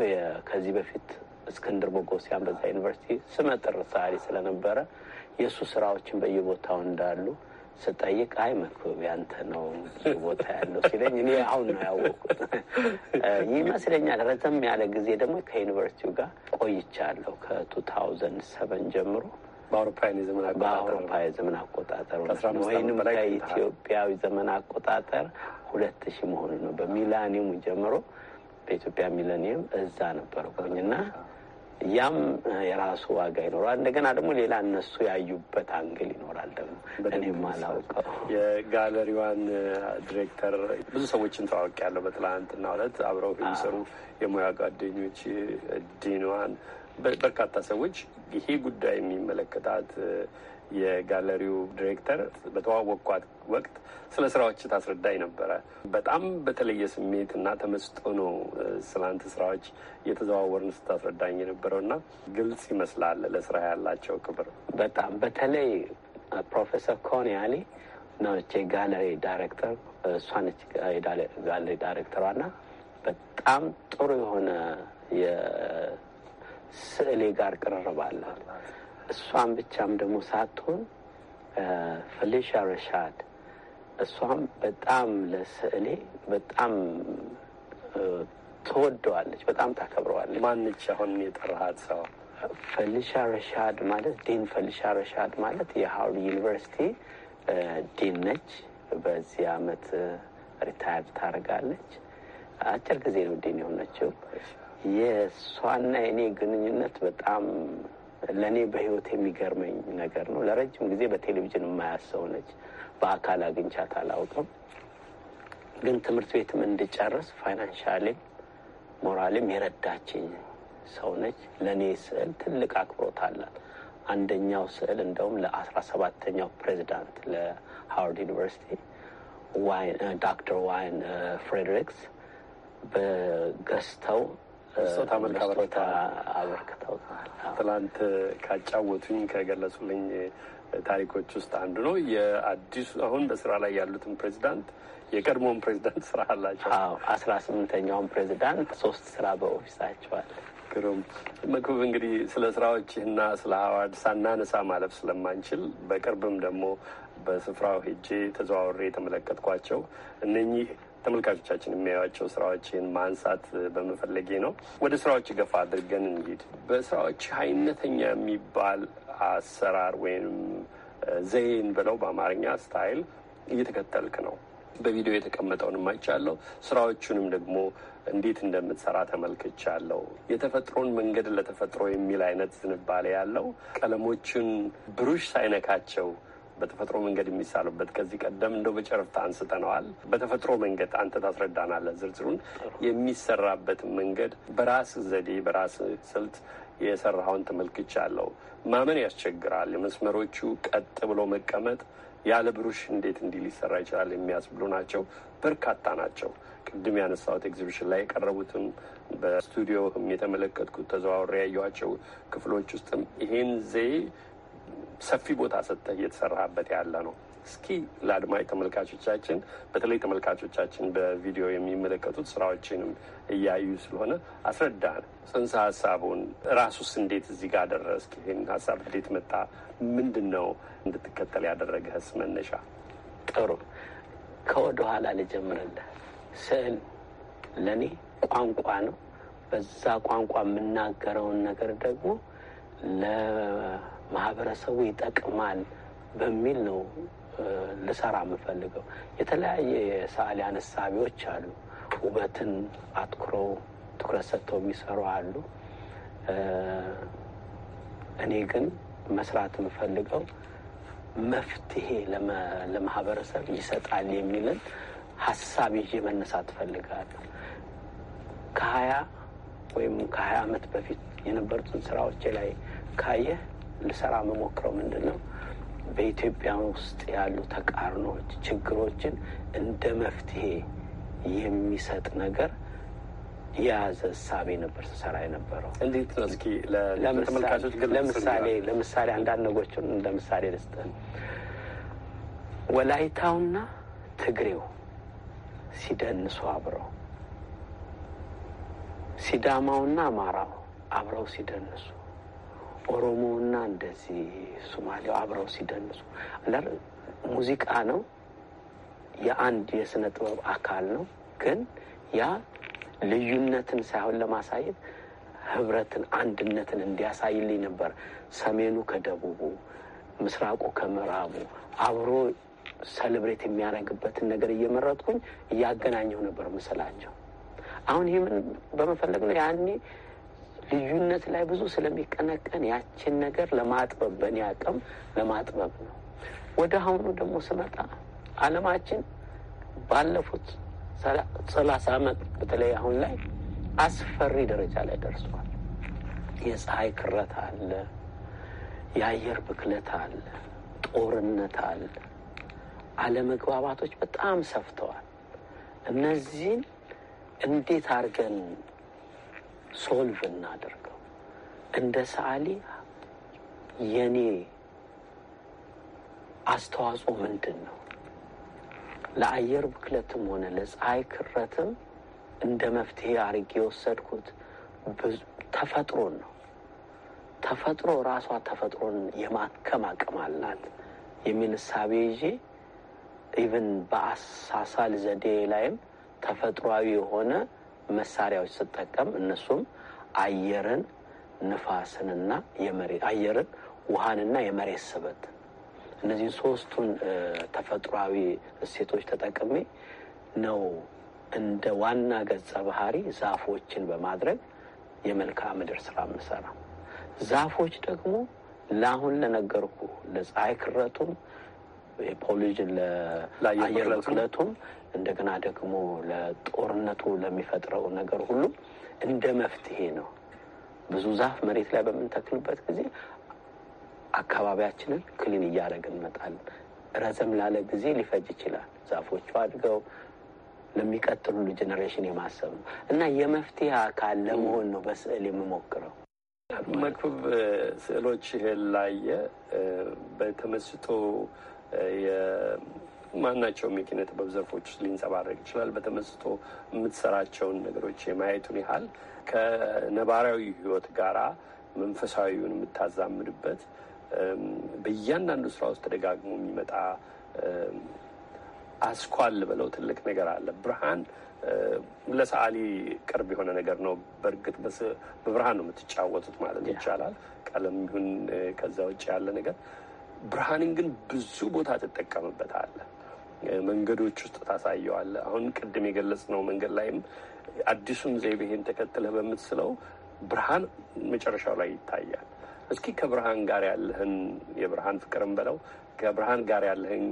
ከዚህ በፊት እስክንድር ቦጎሲያን በዛ ዩኒቨርሲቲ ስመጥር ሰዓሊ ስለነበረ የእሱ ስራዎችን በየቦታው እንዳሉ ስጠይቅ አይ መክብብ ያንተ ነው ቦታ ያለው ሲለኝ እኔ አሁን ነው ያወቅኩት ይመስለኛል። ረዘም ያለ ጊዜ ደግሞ ከዩኒቨርሲቲው ጋር ቆይቻለሁ ከቱ ታውዘንድ ሰቨን ጀምሮ በአውሮፓውያን የዘመን በአውሮፓ የዘመን አቆጣጠር ወይም ከኢትዮጵያዊ ዘመን አቆጣጠር ሁለት ሺ መሆኑ ነው። በሚላኒየሙ ጀምሮ በኢትዮጵያ ሚለኒየም እዛ ነበርኩኝ እና ያም የራሱ ዋጋ ይኖረዋል። እንደገና ደግሞ ሌላ እነሱ ያዩበት አንግል ይኖራል። ደግሞ እኔም አላውቀው የጋለሪዋን ዲሬክተር ብዙ ሰዎችን ተዋውቅ ያለው በትላንትና ዕለት አብረው የሚሰሩ የሙያ ጓደኞች ዲኗን በርካታ ሰዎች ይሄ ጉዳይ የሚመለከታት የጋለሪው ዲሬክተር በተዋወቅኳት ወቅት ስለ ስራዎች ታስረዳኝ ነበረ። በጣም በተለየ ስሜት እና ተመስጦ ነው ስላንት ስራዎች እየተዘዋወርን ስታስረዳኝ የነበረው እና ግልጽ ይመስላል ለስራ ያላቸው ክብር በጣም በተለይ ፕሮፌሰር ኮንያኒ ነች የጋለሪ ዳይሬክተር። እሷ ነች የጋለሪ ዳይሬክተሯ እና በጣም ጥሩ የሆነ ስዕሌ ጋር ቅርርባላት እሷም ብቻም ደግሞ ሳትሆን ፈሊሻ ረሻድ እሷም በጣም ለስዕሌ በጣም ትወደዋለች፣ በጣም ታከብረዋለች። ማንች አሁን የጠራሃት ሰው ፈሊሻ ረሻድ ማለት ዲን ፈሊሻ ረሻድ ማለት የሀዋርድ ዩኒቨርሲቲ ዲን ነች። በዚህ አመት ሪታየር ታደርጋለች። አጭር ጊዜ ነው ዲን የሆነችው። የእሷና የእኔ ግንኙነት በጣም ለእኔ በህይወት የሚገርመኝ ነገር ነው። ለረጅም ጊዜ በቴሌቪዥን የማያሰው ነች። በአካል አግኝቻት አላውቅም። ግን ትምህርት ቤትም እንድጨርስ ፋይናንሻሌም ሞራሌም የረዳችኝ ሰው ነች። ለእኔ ስዕል ትልቅ አክብሮት አላት። አንደኛው ስዕል እንደውም ለአስራ ሰባተኛው ፕሬዚዳንት ለሃዋርድ ዩኒቨርሲቲ ዶክተር ዋይን ፍሬድሪክስ በገዝተው ተመልካታ አበርክተውታል። ትላንት ካጫወቱኝ ከገለጹልኝ ታሪኮች ውስጥ አንዱ ነው። የአዲሱ አሁን በስራ ላይ ያሉትን ፕሬዚዳንት የቀድሞውን ፕሬዚዳንት ስራ አላቸው። አስራ ስምንተኛውን ፕሬዚዳንት ሶስት ስራ በኦፊሳቸዋል። ግሩም መክብብ፣ እንግዲህ ስለ ስራዎችህና ስለ አዋድ ሳናነሳ ማለፍ ስለማንችል በቅርብም ደግሞ በስፍራው ሄጄ ተዘዋውሬ የተመለከትኳቸው እነኚህ ተመልካቾቻችን የሚያዩቸው ስራዎችን ማንሳት በመፈለጌ ነው። ወደ ስራዎች ገፋ አድርገን እንሂድ። በስራዎች አይነተኛ የሚባል አሰራር ወይም ዘይን ብለው በአማርኛ ስታይል እየተከተልክ ነው። በቪዲዮ የተቀመጠውን አይቻለሁ። ስራዎቹንም ደግሞ እንዴት እንደምትሰራ ተመልክቻለሁ። የተፈጥሮን መንገድ ለተፈጥሮ የሚል አይነት ዝንባሌ ያለው ቀለሞችን ብሩሽ ሳይነካቸው በተፈጥሮ መንገድ የሚሳሉበት ከዚህ ቀደም እንደው በጨረፍታ አንስተነዋል። በተፈጥሮ መንገድ አንተ ታስረዳናለህ ዝርዝሩን የሚሰራበትን መንገድ በራስ ዘዴ በራስ ስልት የሰራውን ተመልክቻለሁ። ማመን ያስቸግራል። የመስመሮቹ ቀጥ ብሎ መቀመጥ ያለ ብሩሽ እንዴት እንዲህ ሊሰራ ይችላል የሚያስብሉ ናቸው። በርካታ ናቸው። ቅድም ያነሳሁት ኤግዚቢሽን ላይ የቀረቡትም በስቱዲዮም የተመለከትኩት ተዘዋውሬ ያየኋቸው ክፍሎች ውስጥም ይሄን ዘዬ ሰፊ ቦታ ሰጥተህ እየተሰራበት ያለ ነው። እስኪ ለአድማጭ ተመልካቾቻችን፣ በተለይ ተመልካቾቻችን በቪዲዮ የሚመለከቱት ስራዎችንም እያዩ ስለሆነ አስረዳን፣ ጽንሰ ሀሳቡን ራሱስ እንዴት እዚህ ጋር ደረስክ? ይህን ሀሳብ እንዴት መጣ? ምንድን ነው እንድትከተል ያደረገህስ መነሻ? ጥሩ ከወደ ኋላ ልጀምርልህ። ስዕል ለእኔ ቋንቋ ነው። በዛ ቋንቋ የምናገረውን ነገር ደግሞ ማህበረሰቡ ይጠቅማል በሚል ነው ልሰራ የምፈልገው። የተለያየ የሰዓሊያን እሳቢዎች አሉ። ውበትን አትኩረው ትኩረት ሰጥተው የሚሰሩ አሉ። እኔ ግን መስራት የምፈልገው መፍትሄ ለማህበረሰብ ይሰጣል የሚልን ሀሳብ ይዤ መነሳት እፈልጋለሁ። ከሀያ ወይም ከሀያ አመት በፊት የነበሩትን ስራዎቼ ላይ ካየህ ልሰራ መሞክረው ምንድን ነው በኢትዮጵያ ውስጥ ያሉ ተቃርኖች፣ ችግሮችን እንደ መፍትሄ የሚሰጥ ነገር የያዘ እሳቤ ነበር ስሰራ የነበረው። እንዴት ነው? እስኪ ለምሳሌ ለምሳሌ አንዳንድ ነጎችን እንደ ምሳሌ ልስጥህ። ወላይታውና ትግሬው ሲደንሱ አብረው፣ ሲዳማውና አማራው አብረው ሲደንሱ እና እንደዚህ ሶማሌው አብረው ሲደንሱ ሙዚቃ ነው። የአንድ የስነ ጥበብ አካል ነው። ግን ያ ልዩነትን ሳይሆን ለማሳየት ህብረትን፣ አንድነትን እንዲያሳይልኝ ነበር። ሰሜኑ ከደቡቡ፣ ምስራቁ ከምዕራቡ አብሮ ሰልብሬት የሚያደርግበትን ነገር እየመረጥኩኝ እያገናኘው ነበር ምስላቸው። አሁን ይህምን በመፈለግ ነው ያኔ ልዩነት ላይ ብዙ ስለሚቀነቀን ያችን ነገር ለማጥበብ በእኔ አቅም ለማጥበብ ነው። ወደ አሁኑ ደግሞ ስመጣ አለማችን ባለፉት ሰላሳ አመት በተለይ አሁን ላይ አስፈሪ ደረጃ ላይ ደርሷል። የፀሐይ ክረት አለ፣ የአየር ብክለት አለ፣ ጦርነት አለ፣ አለመግባባቶች በጣም ሰፍተዋል። እነዚህን እንዴት አድርገን ሶልቭ እናደርገው። እንደ ሰዓሊ የኔ አስተዋጽኦ ምንድን ነው? ለአየር ብክለትም ሆነ ለፀሐይ ክረትም እንደ መፍትሄ አድርጌ የወሰድኩት ተፈጥሮን ነው። ተፈጥሮ ራሷ ተፈጥሮን የማከም አቅም አላት የሚል እሳቤ ይዤ ኢቨን በአሳሳል ዘዴ ላይም ተፈጥሯዊ የሆነ መሳሪያዎች ስጠቀም እነሱም አየርን፣ ንፋስንና የመሬት አየርን፣ ውሃንና የመሬት ስበት እነዚህን ሶስቱን ተፈጥሯዊ እሴቶች ተጠቅሜ ነው እንደ ዋና ገጸ ባህሪ ዛፎችን በማድረግ የመልክዓ ምድር ስራ ምሰራ። ዛፎች ደግሞ ለአሁን ለነገርኩ ለፀሐይ ክረቱም ፖሊጅን ለአየር ብክለቱም እንደገና ደግሞ ለጦርነቱ ለሚፈጥረው ነገር ሁሉ እንደ መፍትሄ ነው። ብዙ ዛፍ መሬት ላይ በምንተክልበት ጊዜ አካባቢያችንን ክሊን እያደረግን እንመጣለን። ረዘም ላለ ጊዜ ሊፈጅ ይችላል። ዛፎቹ አድገው ለሚቀጥሉ ጀኔሬሽን የማሰብ ነው እና የመፍትሄ አካል ለመሆን ነው በስዕል የምሞክረው። መክብብ ይሄን ላየ በተመስጦ ማናቸውም የኪነ ጥበብ ዘርፎች ውስጥ ሊንጸባረቅ ይችላል። በተመስጦ የምትሰራቸውን ነገሮች የማየቱን ያህል ከነባራዊ ህይወት ጋራ መንፈሳዊውን የምታዛምድበት በእያንዳንዱ ስራ ውስጥ ተደጋግሞ የሚመጣ አስኳል ብለው ትልቅ ነገር አለ። ብርሃን ለሰዓሊ ቅርብ የሆነ ነገር ነው። በእርግጥ በብርሃን ነው የምትጫወቱት ማለት ይቻላል። ቀለም ይሁን ከዛ ውጭ ያለ ነገር ብርሃንን ግን ብዙ ቦታ ትጠቀምበታለህ። መንገዶች ውስጥ ታሳየዋለ። አሁን ቅድም ነው መንገድ ላይም አዲሱን ዘይቤህን ተከትለህ በምትስለው ብርሃን መጨረሻው ላይ ይታያል። እስኪ ከብርሃን ጋር ያለህን የብርሃን ፍቅርን በለው ከብርሃን ጋር ያለህን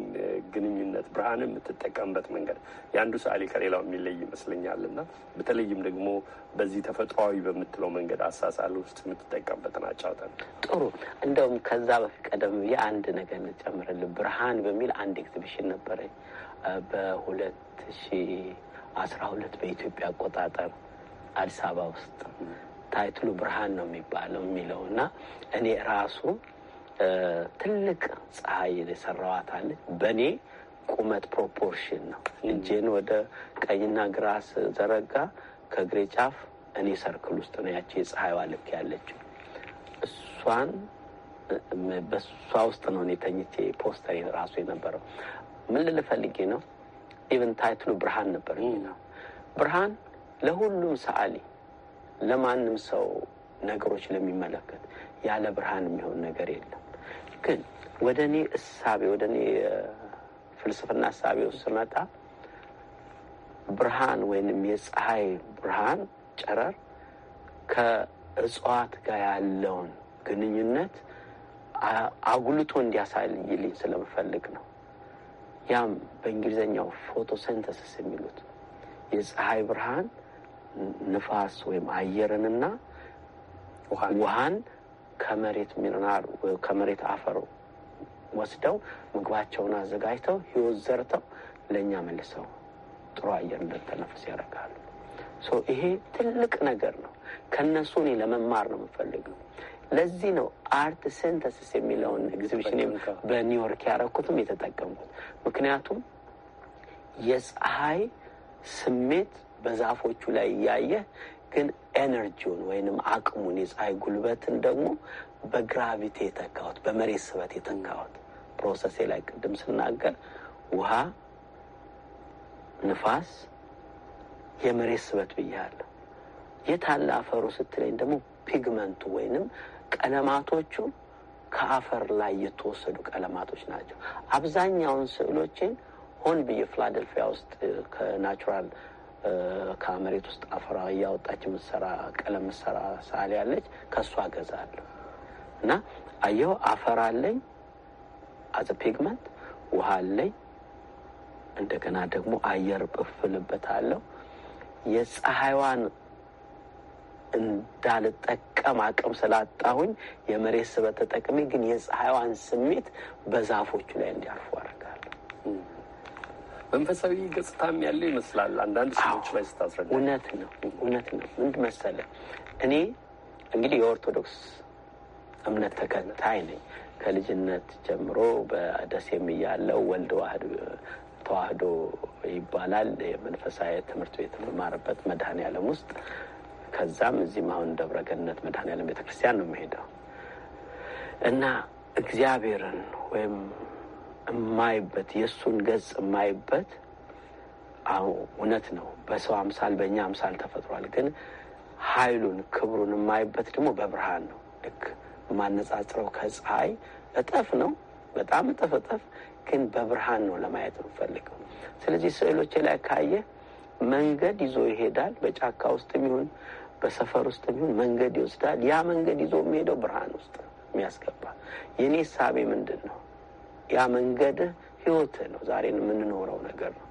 ግንኙነት ብርሃን የምትጠቀምበት መንገድ የአንዱ ሰዓሊ ከሌላው የሚለይ ይመስለኛል እና በተለይም ደግሞ በዚህ ተፈጥሯዊ በምትለው መንገድ አሳሳል ውስጥ የምትጠቀምበትን አጫውተን። ጥሩ እንደውም ከዛ በፊት ቀደም የአንድ ነገር እንጨምርልን ብርሃን በሚል አንድ ኤግዚቢሽን ነበረ በሁለት ሺ አስራ ሁለት በኢትዮጵያ አቆጣጠር አዲስ አበባ ውስጥ ታይትሉ ብርሃን ነው የሚባለው የሚለው እና እኔ ራሱ ትልቅ ፀሐይ የሰራዋት አለ በእኔ ቁመት ፕሮፖርሽን ነው። እጄን ወደ ቀኝና ግራ ዘረጋ ከእግሬ ጫፍ እኔ ሰርክል ውስጥ ነው ያቺ የፀሐይዋ ልክ ያለችው። እሷን በእሷ ውስጥ ነው እኔ ተኝቼ ፖስተር ራሱ የነበረው። ምን ልል ፈልጌ ነው ኢቨን ታይትሉ ብርሃን ነበር ነው ብርሃን ለሁሉም ሰዓሊ ለማንም ሰው ነገሮች ለሚመለከት ያለ ብርሃን የሚሆን ነገር የለም። ግን ወደ እኔ እሳቤ ወደ እኔ ፍልስፍና እሳቤ ውስጥ ስመጣ ብርሃን ወይንም የፀሐይ ብርሃን ጨረር ከእጽዋት ጋር ያለውን ግንኙነት አጉልቶ እንዲያሳይልኝ ስለምፈልግ ነው። ያም በእንግሊዝኛው ፎቶሴንተሲስ የሚሉት የፀሐይ ብርሃን ንፋስ ወይም አየርንና ውሃን ከመሬት ሚነራል ከመሬት አፈር ወስደው ምግባቸውን አዘጋጅተው ህይወት ዘርተው ለእኛ መልሰው ጥሩ አየር እንድንተነፍስ ያደርጋሉ። ይሄ ትልቅ ነገር ነው። ከነሱ እኔ ለመማር ነው የምፈልገው። ለዚህ ነው አርት ሴንተስስ የሚለውን ኤግዚቢሽን በኒውዮርክ ያደረኩትም የተጠቀምኩት። ምክንያቱም የፀሐይ ስሜት በዛፎቹ ላይ እያየህ ግን ኤነርጂውን ወይንም አቅሙን የፀሐይ ጉልበትን ደግሞ በግራቪቲ የተካሁት በመሬት ስበት የተካሁት ፕሮሰሴ ላይ ቅድም ስናገር ውሃ፣ ንፋስ፣ የመሬት ስበት ብያለሁ። የታለ አፈሩ ስትለኝ ደግሞ ፒግመንቱ ወይንም ቀለማቶቹ ከአፈር ላይ የተወሰዱ ቀለማቶች ናቸው። አብዛኛውን ስዕሎችን ሆን ብዬ ፊላደልፊያ ውስጥ ከናቹራል ከመሬት ውስጥ አፈራ እያወጣች ምሰራ ቀለም ምሰራ ሳል ያለች ከእሷ እገዛለሁ እና አየው አፈራ አለኝ አዘ ፒግመንት፣ ውሃ አለኝ፣ እንደገና ደግሞ አየር አለው የፀሐይዋን እንዳልጠቀም አቅም ስላጣሁኝ የመሬት ስበት ተጠቅሜ ግን የፀሐይዋን ስሜት በዛፎቹ ላይ እንዲያርፉ አደርጋለሁ። መንፈሳዊ ገጽታም ያለው ይመስላል። አንዳንድ ሰዎች ላይ ስታስረዳ እውነት ነው እውነት ነው። ምንድ መሰለ እኔ እንግዲህ የኦርቶዶክስ እምነት ተከታይ ነኝ። ከልጅነት ጀምሮ በደሴም እያለው ወልድ ዋህድ ተዋህዶ ይባላል የመንፈሳዊ ትምህርት ቤት የምማርበት መድኃኔዓለም ውስጥ ከዛም እዚህም አሁን ደብረገነት መድኃኔዓለም ቤተክርስቲያን ነው የምሄደው እና እግዚአብሔርን ወይም የማይበት የእሱን ገጽ የማይበት አዎ እውነት ነው። በሰው አምሳል በእኛ አምሳል ተፈጥሯል። ግን ኃይሉን ክብሩን የማይበት ደግሞ በብርሃን ነው። ልክ የማነጻጽረው ከፀሐይ እጠፍ ነው፣ በጣም እጥፍ እጥፍ፣ ግን በብርሃን ነው ለማየት የምፈልገው። ስለዚህ ስዕሎቼ ላይ ካየ መንገድ ይዞ ይሄዳል። በጫካ ውስጥም ይሁን በሰፈር ውስጥም ይሁን መንገድ ይወስዳል። ያ መንገድ ይዞ የሚሄደው ብርሃን ውስጥ ነው የሚያስገባ። የእኔ ሳቤ ምንድን ነው? ያ መንገድ ህይወት ነው። ዛሬን የምንኖረው ነገር ነው።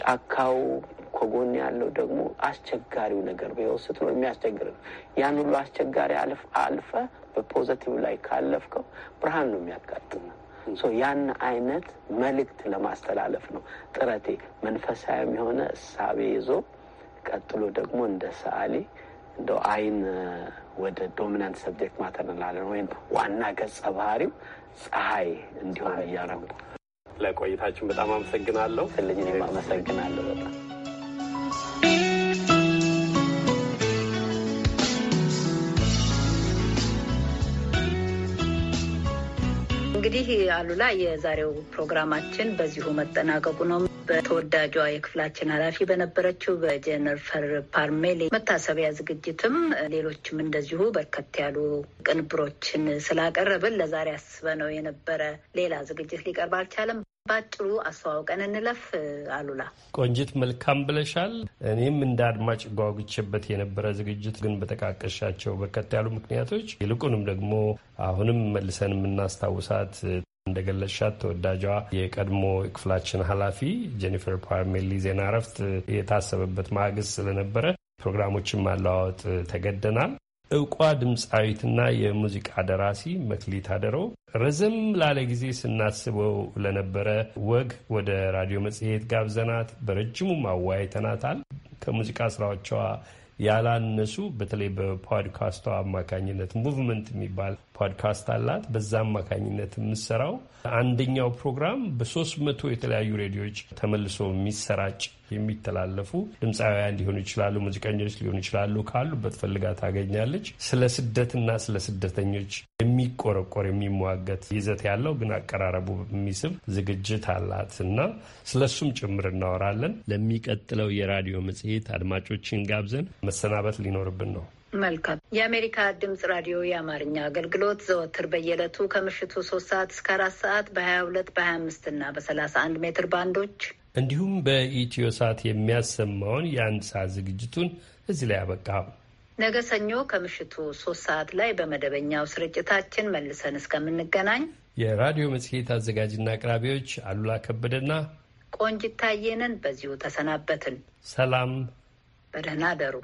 ጫካው ከጎን ያለው ደግሞ አስቸጋሪው ነገር በህይወት ስትኖር የሚያስቸግር ነው። ያን ሁሉ አስቸጋሪ አልፈ በፖዘቲቭ ላይ ካለፍከው ብርሃን ነው የሚያጋጥም። ያን አይነት መልእክት ለማስተላለፍ ነው ጥረቴ። መንፈሳዊም የሆነ እሳቤ ይዞ ቀጥሎ ደግሞ እንደ ሰዓሊ እንደ አይን ወደ ዶሚናንት ሰብጀክት ማተር እንላለን ወይም ዋና ገጸ ባህሪው ፀሐይ እንዲሆን እያረጉ ለቆይታችን በጣም አመሰግናለሁ። ስልኝ አመሰግናለሁ በጣም እንግዲህ አሉላ የዛሬው ፕሮግራማችን በዚሁ መጠናቀቁ ነው። በተወዳጇ የክፍላችን ኃላፊ በነበረችው በጀነፈር ፓርሜሌ መታሰቢያ ዝግጅትም ሌሎችም እንደዚሁ በርከት ያሉ ቅንብሮችን ስላቀረብን ለዛሬ አስበነው የነበረ ሌላ ዝግጅት ሊቀርብ አልቻለም። ባጭሩ አስተዋውቀን እንለፍ። አሉላ ቆንጅት፣ መልካም ብለሻል። እኔም እንደ አድማጭ ጓጉቼበት የነበረ ዝግጅት ግን በጠቃቀሻቸው በርከት ያሉ ምክንያቶች ይልቁንም ደግሞ አሁንም መልሰን የምናስታውሳት እንደገለሻት ተወዳጇ የቀድሞ ክፍላችን ኃላፊ ጄኒፈር ፓርሜሊ ዜና እረፍት የታሰበበት ማግስት ስለነበረ ፕሮግራሞችን ማለዋወጥ ተገደናል። እውቋ ድምፃዊትና የሙዚቃ ደራሲ መክሊት አደሮ ረዘም ላለ ጊዜ ስናስበው ለነበረ ወግ ወደ ራዲዮ መጽሔት ጋብዘናት በረጅሙ አወያይተናታል። ከሙዚቃ ስራዎቿ ያላነሱ በተለይ በፖድካስቷ አማካኝነት ሙቭመንት የሚባል ፖድካስት አላት። በዛ አማካኝነት የምሰራው አንደኛው ፕሮግራም በሶስት መቶ የተለያዩ ሬዲዮዎች ተመልሶ የሚሰራጭ የሚተላለፉ ድምፃውያን ሊሆኑ ይችላሉ፣ ሙዚቀኞች ሊሆኑ ይችላሉ። ካሉበት ፈልጋ ታገኛለች። ስለ ስደትና ስለ ስደተኞች የሚቆረቆር የሚሟገት ይዘት ያለው ግን አቀራረቡ የሚስብ ዝግጅት አላት እና ስለ እሱም ጭምር እናወራለን። ለሚቀጥለው የራዲዮ መጽሔት አድማጮችን ጋብዘን መሰናበት ሊኖርብን ነው። መልካም። የአሜሪካ ድምጽ ራዲዮ የአማርኛ አገልግሎት ዘወትር በየዕለቱ ከምሽቱ ሶስት ሰዓት እስከ አራት ሰዓት በሀያ ሁለት በሀያ አምስት እና በሰላሳ አንድ ሜትር ባንዶች እንዲሁም በኢትዮ ሳት የሚያሰማውን የአንድ ሰዓት ዝግጅቱን እዚህ ላይ አበቃ። ነገ ሰኞ ከምሽቱ ሶስት ሰዓት ላይ በመደበኛው ስርጭታችን መልሰን እስከምንገናኝ የራዲዮ መጽሔት አዘጋጅና አቅራቢዎች አሉላ ከበደና ቆንጅታየንን በዚሁ ተሰናበትን። ሰላም፣ በደህና አደሩ።